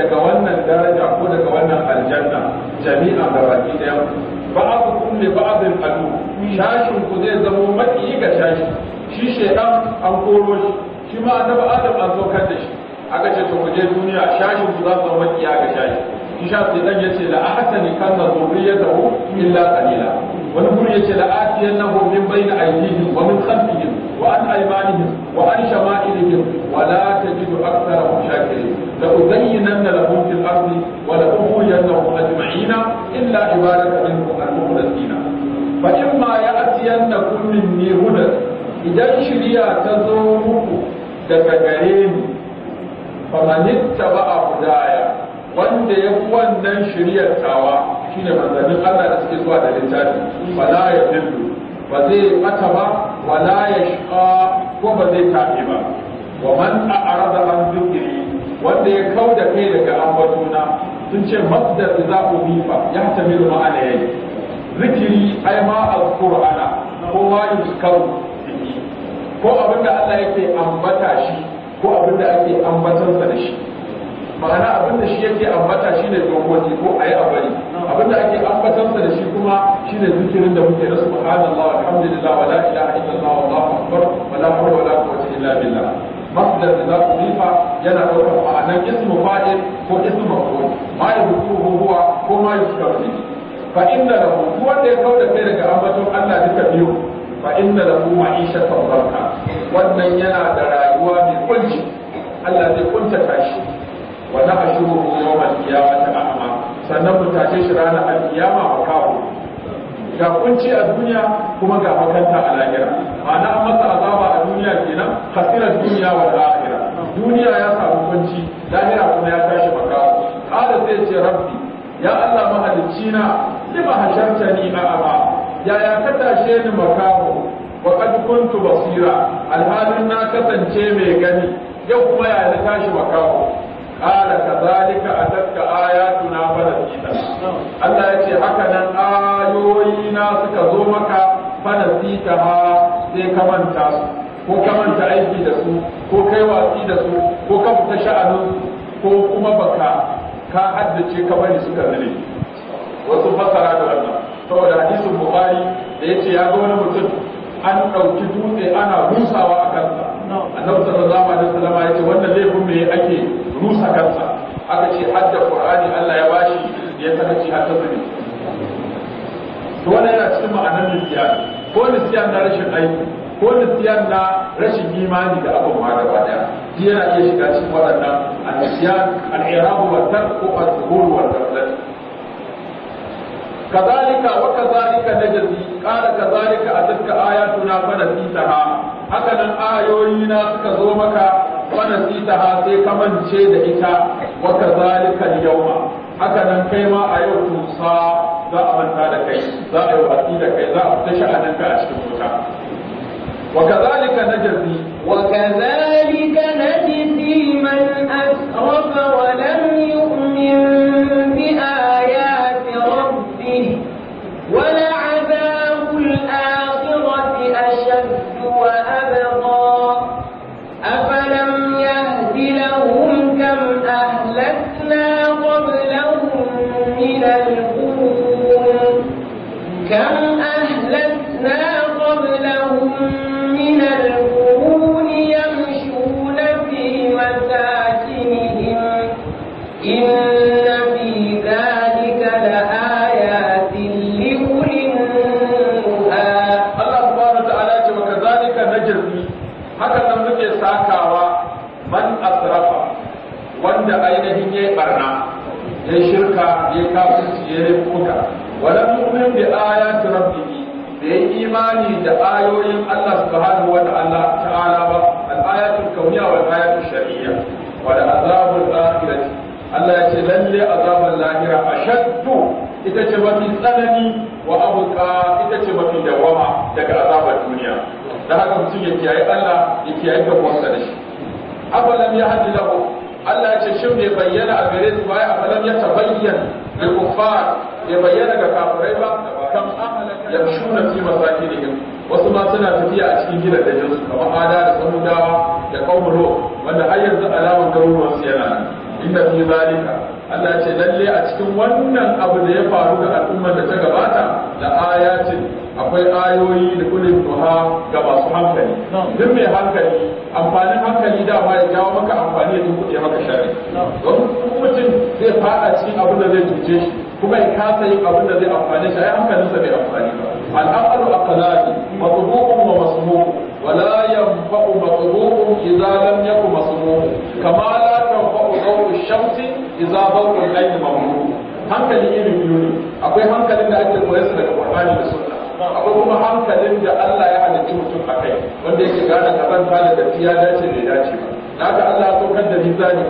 daga wannan daraja ko daga wannan aljanna jami'a ga baki daya ba'adu kulli ba'din adu shashin ku zai zama maki ga shashi shi shedan an koro shi shi ma annabi adam an saukar da shi aka ce to kuje duniya shashin ku za su zama maki ga shashi shi shafi dan yace la ahsani kana zurriyatahu illa qalila wani guri yace la atiyannahu min bayni aydihim wa min khalfihim wa an aymanihim wa an shama'ilihim wa la tajidu aktharahum shakirin لأبينن لهم في الأرض ولأخرجنهم أجمعين إلا عبادك منكم المخلصين فإما يأتينكم مني هدى إذا شريعة تزورك تكريم فمن اتبع هدايا wanda ya fi wannan shiryar tawa shi ne manzannin Allah da suke zuwa da littafi ba ya dillu ba zai mata ba wala ya shiga ko ba zai tafi ba wa man a arada an zikiri wanda ya kau da kai daga ambatuna sun ce masdar za ku nifa ya tamilu ma'ana yayi zikiri ai ma alqur'ana ko ma yuzkaru ko abin da Allah yake ambata shi ko abin da ake ambatansa da shi ma'ana abin da shi yake ambata shi ne dokoki ko ayi abari da ake ambatansa da shi kuma shi ne zikirin da muke da subhanallah alhamdulillah wala ilaha illallah wallahu akbar wala hawla wala quwwata illa billah masdar da za ku rifa yana ɗaukar ma'anar ismu fa'il ko ismu maf'ul ma yusuhu ko ma fa inna lahu duk wanda ya kauda kai daga ambaton Allah duka biyu fa inna lahu ma'ishatan barka wannan yana da rayuwa mai kunci Allah zai kunta tashi wa na'shuruhu yawmal qiyamati a'ma sannan mu tashe shi ranar al-qiyama ga kunci a duniya kuma ga makanta a lahira ma'ana an masa azaba a duniya kenan hasirar duniya wa lahira duniya ya samu kunci lahira kuma ya tashi maka kada sai ce rabbi ya Allah mahalicci na lima hashartani a aba yaya ka tashe ni makaho wa kad kuntu basira alhalin na kasance mai gani yau kuma ya tashi makaho qala kadhalika atatka ayatuna fanasita Allah ya ce haka nan ayoyina suka zo maka ha sai ka manta ko ka manta aiki da su ko kai wasi da su ko ka fita sha'anin ko kuma baka ka haddace ka bari suka dare wasu fasara da wannan saboda hadisin bukhari da yace ya ga wani mutum an ɗauki dutse ana busawa a kansa annabi sallallahu alaihi wasallam ya ce wannan laifin me ake rusa kansa aka ce hadda qur'ani Allah ya bashi ya saka ci hadda zuri to wannan yana cikin ma'anar nisyan ko nisyan na rashin aiki ko nisyan na rashin imani da abin ma gaba daya yana iya shiga cikin waɗannan an-nisyan al-i'rab wa tarku al-zuhur wa al kazalika wa kazalika najzi qala kazalika atatka ayatuna fa nasitaha haka nan ayoyi na suka zo maka fa nasitaha sai ka mance da ita wa kazalika al kai ma a yau tusa za a manta da kai za a yi watsi kai za a fita sha'anin a cikin wuta wa kazalika najzi wa imani da ayoyin Allah subhanahu wa ta'ala ta'ala ba al-ayatul kauniyya wal ayatul shar'iyya wa al-azabul akhirah Allah ya ce lalle azabul lahira ashaddu ita ce mafi tsanani wa abuka ita ce mafi dawama daga azabar duniya da haka mutum ya kiyaye Allah ya kiyaye gabansa da shi ya yahdi lahu Allah ya ce shin bai bayyana a gare su ba afalam ya tabayyan lil kuffar ya bayyana ga kafirai ba yamshuna fi masakinihim wasu ma suna tafiya a cikin da jinsu kamar ada da samudawa da kawulo wanda har yanzu alamun garuruwan su yana inda fi zalika Allah ce lalle a cikin wannan abu da ya faru da al'ummar da ta gabata da ayatin akwai ayoyi da kullum duha ga masu hankali duk mai hankali amfanin hankali da dama ya jawo maka amfani da kuɗi maka shari'a. don mutum zai fada cikin abu da zai cuce shi kuma ya kasa yin abin da zai amfani shi ai sa bai amfani ba al'aqlu aqlani matbuqun wa masmuq wa yanfa'u matbuqun idza lam yakun masmuq kama la tanfa'u dawu shamsi idza dawu al-ayn mamruq hankali irin biyu ne akwai hankalin da ake koyarsa daga qur'ani da sunna akwai kuma hankalin da Allah ya halicci mutum a kai wanda yake gane kazanta da tafiya dace bai dace ba da Allah ya saukar da mizani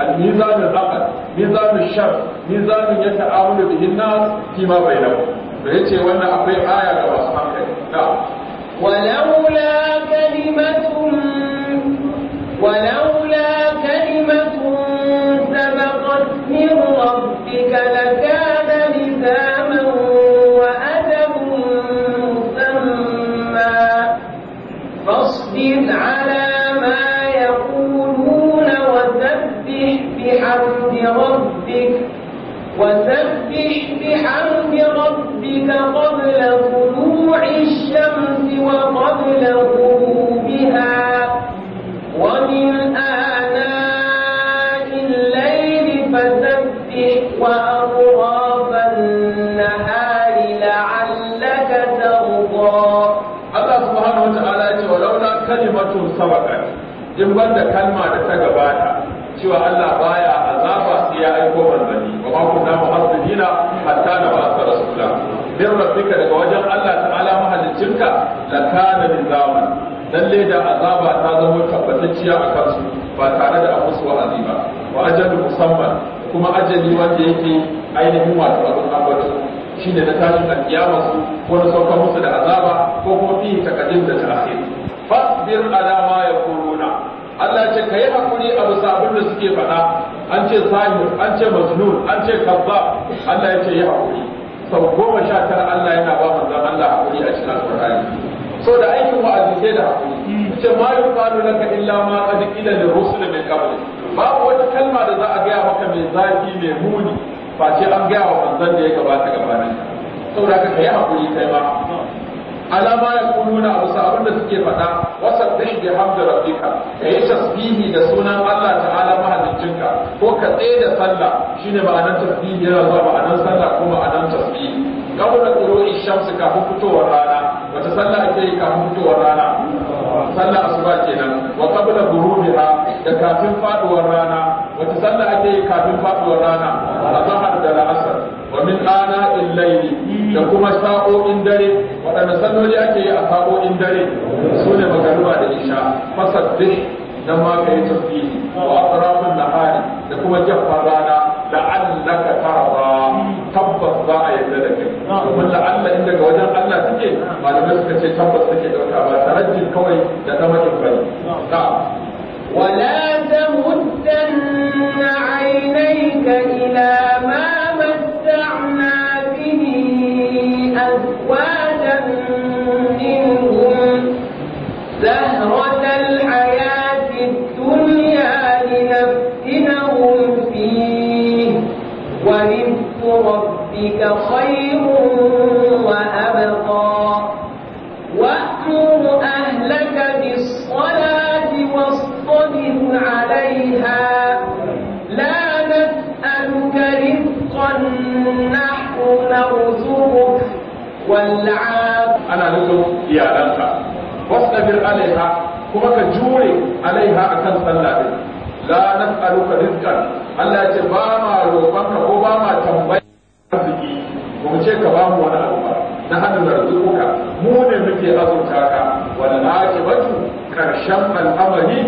الميزان العقل ميزان الشر ميزان يتعامل به الناس فيما بينهم فيتي وانا اقري آية لو اصحابك نعم ولولا كلمة ولولا كلمة سبقت من ربك لكان وسبح بحمد ربك قبل طلوع الشمس وقبل غروبها ومن آناء الليل فسبح وأطراف النهار لعلك ترضى الله سبحانه وتعالى ولولا كلمة سبقت جنبا كلمة تتقبلها cewa Allah baya azaba sai ya aiko manzanni wa ma kunna mu'azzibina hatta na ba sa rasula bin rabbika daga wajen Allah ta'ala mahalicinka la kana zaman. lalle da azaba ta zama tabbatacciya a kansu ba tare da abu su wa'azi ba wa ajalu musamman kuma ajali wanda yake ainihin wato abin ambato shi ne na tashin alkiyama su ko na saukar musu da azaba ko kuma fi takaddim da ta'khir fasbir alama ya yaqulun Allah ce ka yi hakuri a bisa da suke faɗa an ce sahi, an ce majnun an ce kazzab Allah ya ce yi hakuri sau goma sha tara Allah yana ba zan Allah hakuri a cikin alqur'ani so da aikin wa'azi kai da hakuri ce ma na ka illa ma qad qila lir rusul mai qabl babu wata kalma da za a gaya maka mai zafi mai muni face an gaya wa manzan da ya gabata gabanin saboda ka yi hakuri kai ma alama ya kuluna a wasu abin suke faɗa wasa ɗin da hamdu rabbika ka yi tasbihi da sunan Allah ta'ala mahalicinka ko ka tsaye da sallah shine ma'anar tasbihi yana zuwa ma'anar sallah ko ma'anar tasbihi in tsoro shamsu kafin fitowar rana wata sallah ake yi kafin fitowar rana sallah asuba kenan wa kabula gurubiha da kafin faɗuwar rana wata sallah ake yi kafin faduwar rana A zahar da la'asar wa min ana'il layli da kuma sa'o'in dare waɗanne saloli ake yi a sa'o'in dare su ne magaruwa da isha fasaddih dan ma kai tasbihi wa atrafun nahari da kuma jaffa rana la'allaka tarda tabbas za a yarda da kai domin la'alla inda wajen Allah take malamai suka ce tabbas take dauka ba kawai da ta ana nufin iyalanka wasdabir alaiha kuma ka jure alaiha kan sallah din la nas'aluka rizqan Allah ya ce ba ma roƙonka ko ba ma tambayar arziki ba mu ce ka ba mu wani abu ba na hannun arzuka mu ne muke azurta ka wal aqibatu karshen al'amari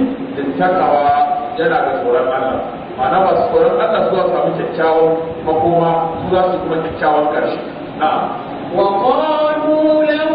takawa yana da tsoron Allah ma'ana masu tsoron Allah su za su samu kyakkyawan makoma su za su kuma kyakkyawan ƙarshe? Na. wa qalu lahu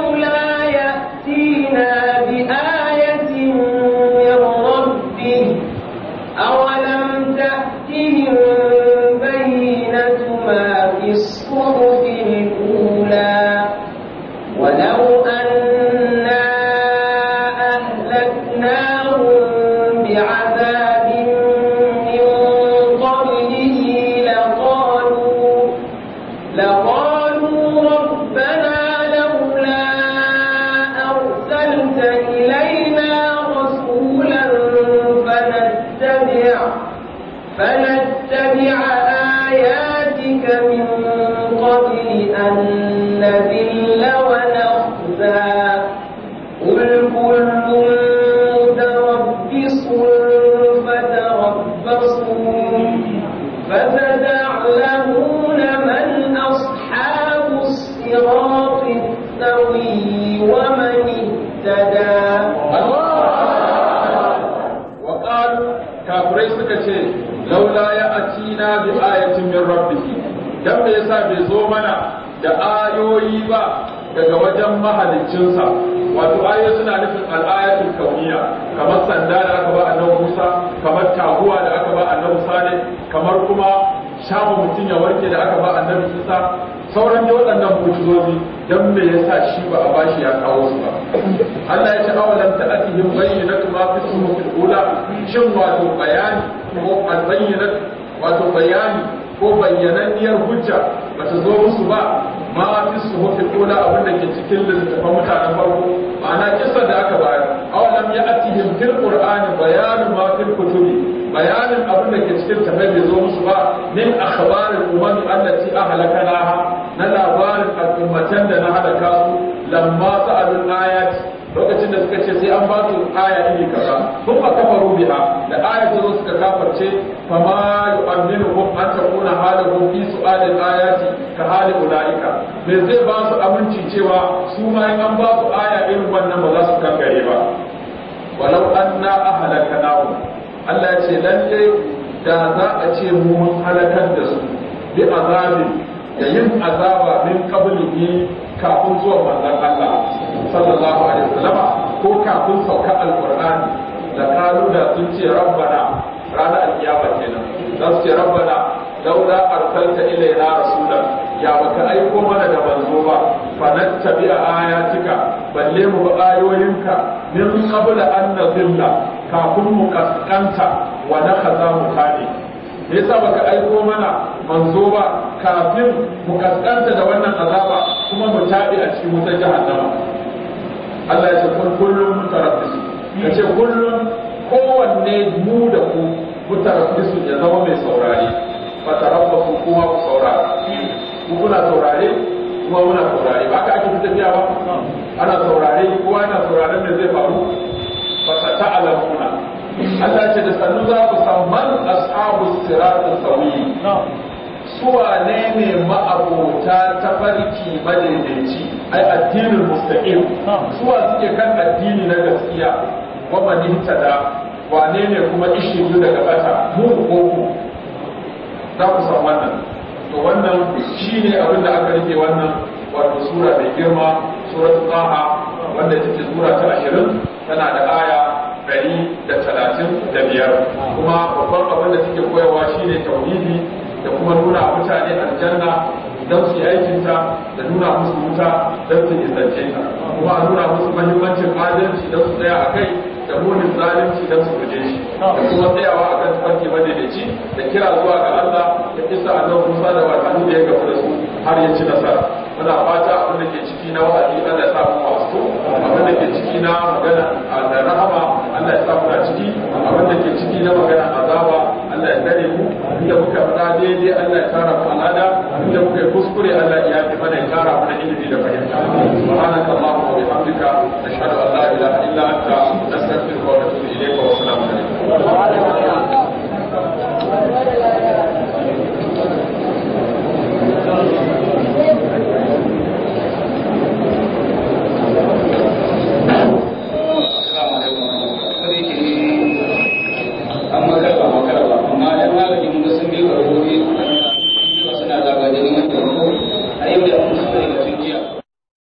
dan me yasa bai zo mana da ayoyi ba daga wajen mahaliccinsa wato ayoyi suna nufin al'ayatul kauniya kamar sanda da aka ba annabi Musa kamar taguwa da aka ba annabi Salih kamar kuma shamu mutum ya warke da aka ba annabi Isa sauran da waɗannan mujizozi dan me yasa shi ba a bashi ya kawo su ba Allah ya ce awalan ta'atihim bayyinatu ma fi fil ula shin wato bayani ko al wato bayani ko bayyananniyar hujja ba ta zo musu ba ma fi su hofi kola abin da ke cikin littattafan mutanen farko ma'ana kisa da aka bayar awalam ya atihim fil qur'ani bayanin ma fil kutubi bayanin abin da ke cikin tafai bai zo musu ba min akhbaril umami allati ahlakanaha na labarin al'ummatan da na halaka su lamma sa'alul ayati lokacin da suka ce sai an ba su aya iri kaza kun ba kafa rubiha da aya ta zo suka kafarce fa ma hum an takuna halu fi su'alil ayati ka hali ulaika me zai ba su aminci cewa su ma in an ba su aya irin wannan ba za su kankare ba walau anna ahlakanahum Allah ya ce lalle da za a ce mu halakar da su bi azabin da yin azaba min qablihi kafin zuwan manzan Allah sallallahu alaihi wasallam ko kafin sauka alqur'ani da kalu da sun ce rabbana ranar alkiyama kenan za su ce rabbana laula arsalta ilaina rasula ya baka aiko mana da manzo ba fa nattabi'a ayatika balle mu ayoyinka min qabla an nazilla kafin mu kaskanta wa nakhaza mu kane me yasa baka aiko mana manzo ba kafin mu kaskanta da wannan azaba kuma mu tabi a cikin wutar jahannama Allah ya ce kun kullum mutarabbisu ka ce kullum kowanne mu da ku mutarabbisu ya zama mai saurare ba tarabbasu kuma ku saurara ku kuna saurare kuma muna saurare ba ka ake tafiya ba ana saurare kowa yana saurare me zai faru ba ta ta'alamuna Allah ce da sannu za ku san man ashabu sirat sawi su wanene ne ma'abota ta farki madaidaici ai addinin mustaqim su suke kan addini na gaskiya wa man ihtada wane ne kuma ishiru daga bata mu ko ku za ku san wannan to wannan shine abin da aka rike wannan wato sura mai girma suratul taha wanda take sura ta 20 tana da aya Kari da talatin da biyar kuma babban abin da suke koyarwa shine tauhidi da kuma nuna mutane aljanna don su yi aikinta da nuna musu wuta don su nisance ta kuma a nuna musu mahimmancin adalci don su tsaya a kai da munin zalunci don su guje shi da kuma tsayawa a kan tsarki madaidaici da kira zuwa ga Allah da kisa nan Musa da watani da ya gafi da su har ya ci nasara muna fata abin da ke ciki na wa'azi Allah ya sa mu masu abin da ke ciki na magana da rahama Allah ya samu a ciki abin da ke ciki na magana azaba Allah ya tare mu inda muka faɗa daidai Allah ya tara mu alada inda muka yi kuskure Allah ya yafi mana ya tara mana ilimi da fahimta subhanaka allahumma wa bihamdika nashhadu an la ilaha illa anta nastaghfiruka wa natubu ilayka wa assalamu alaikum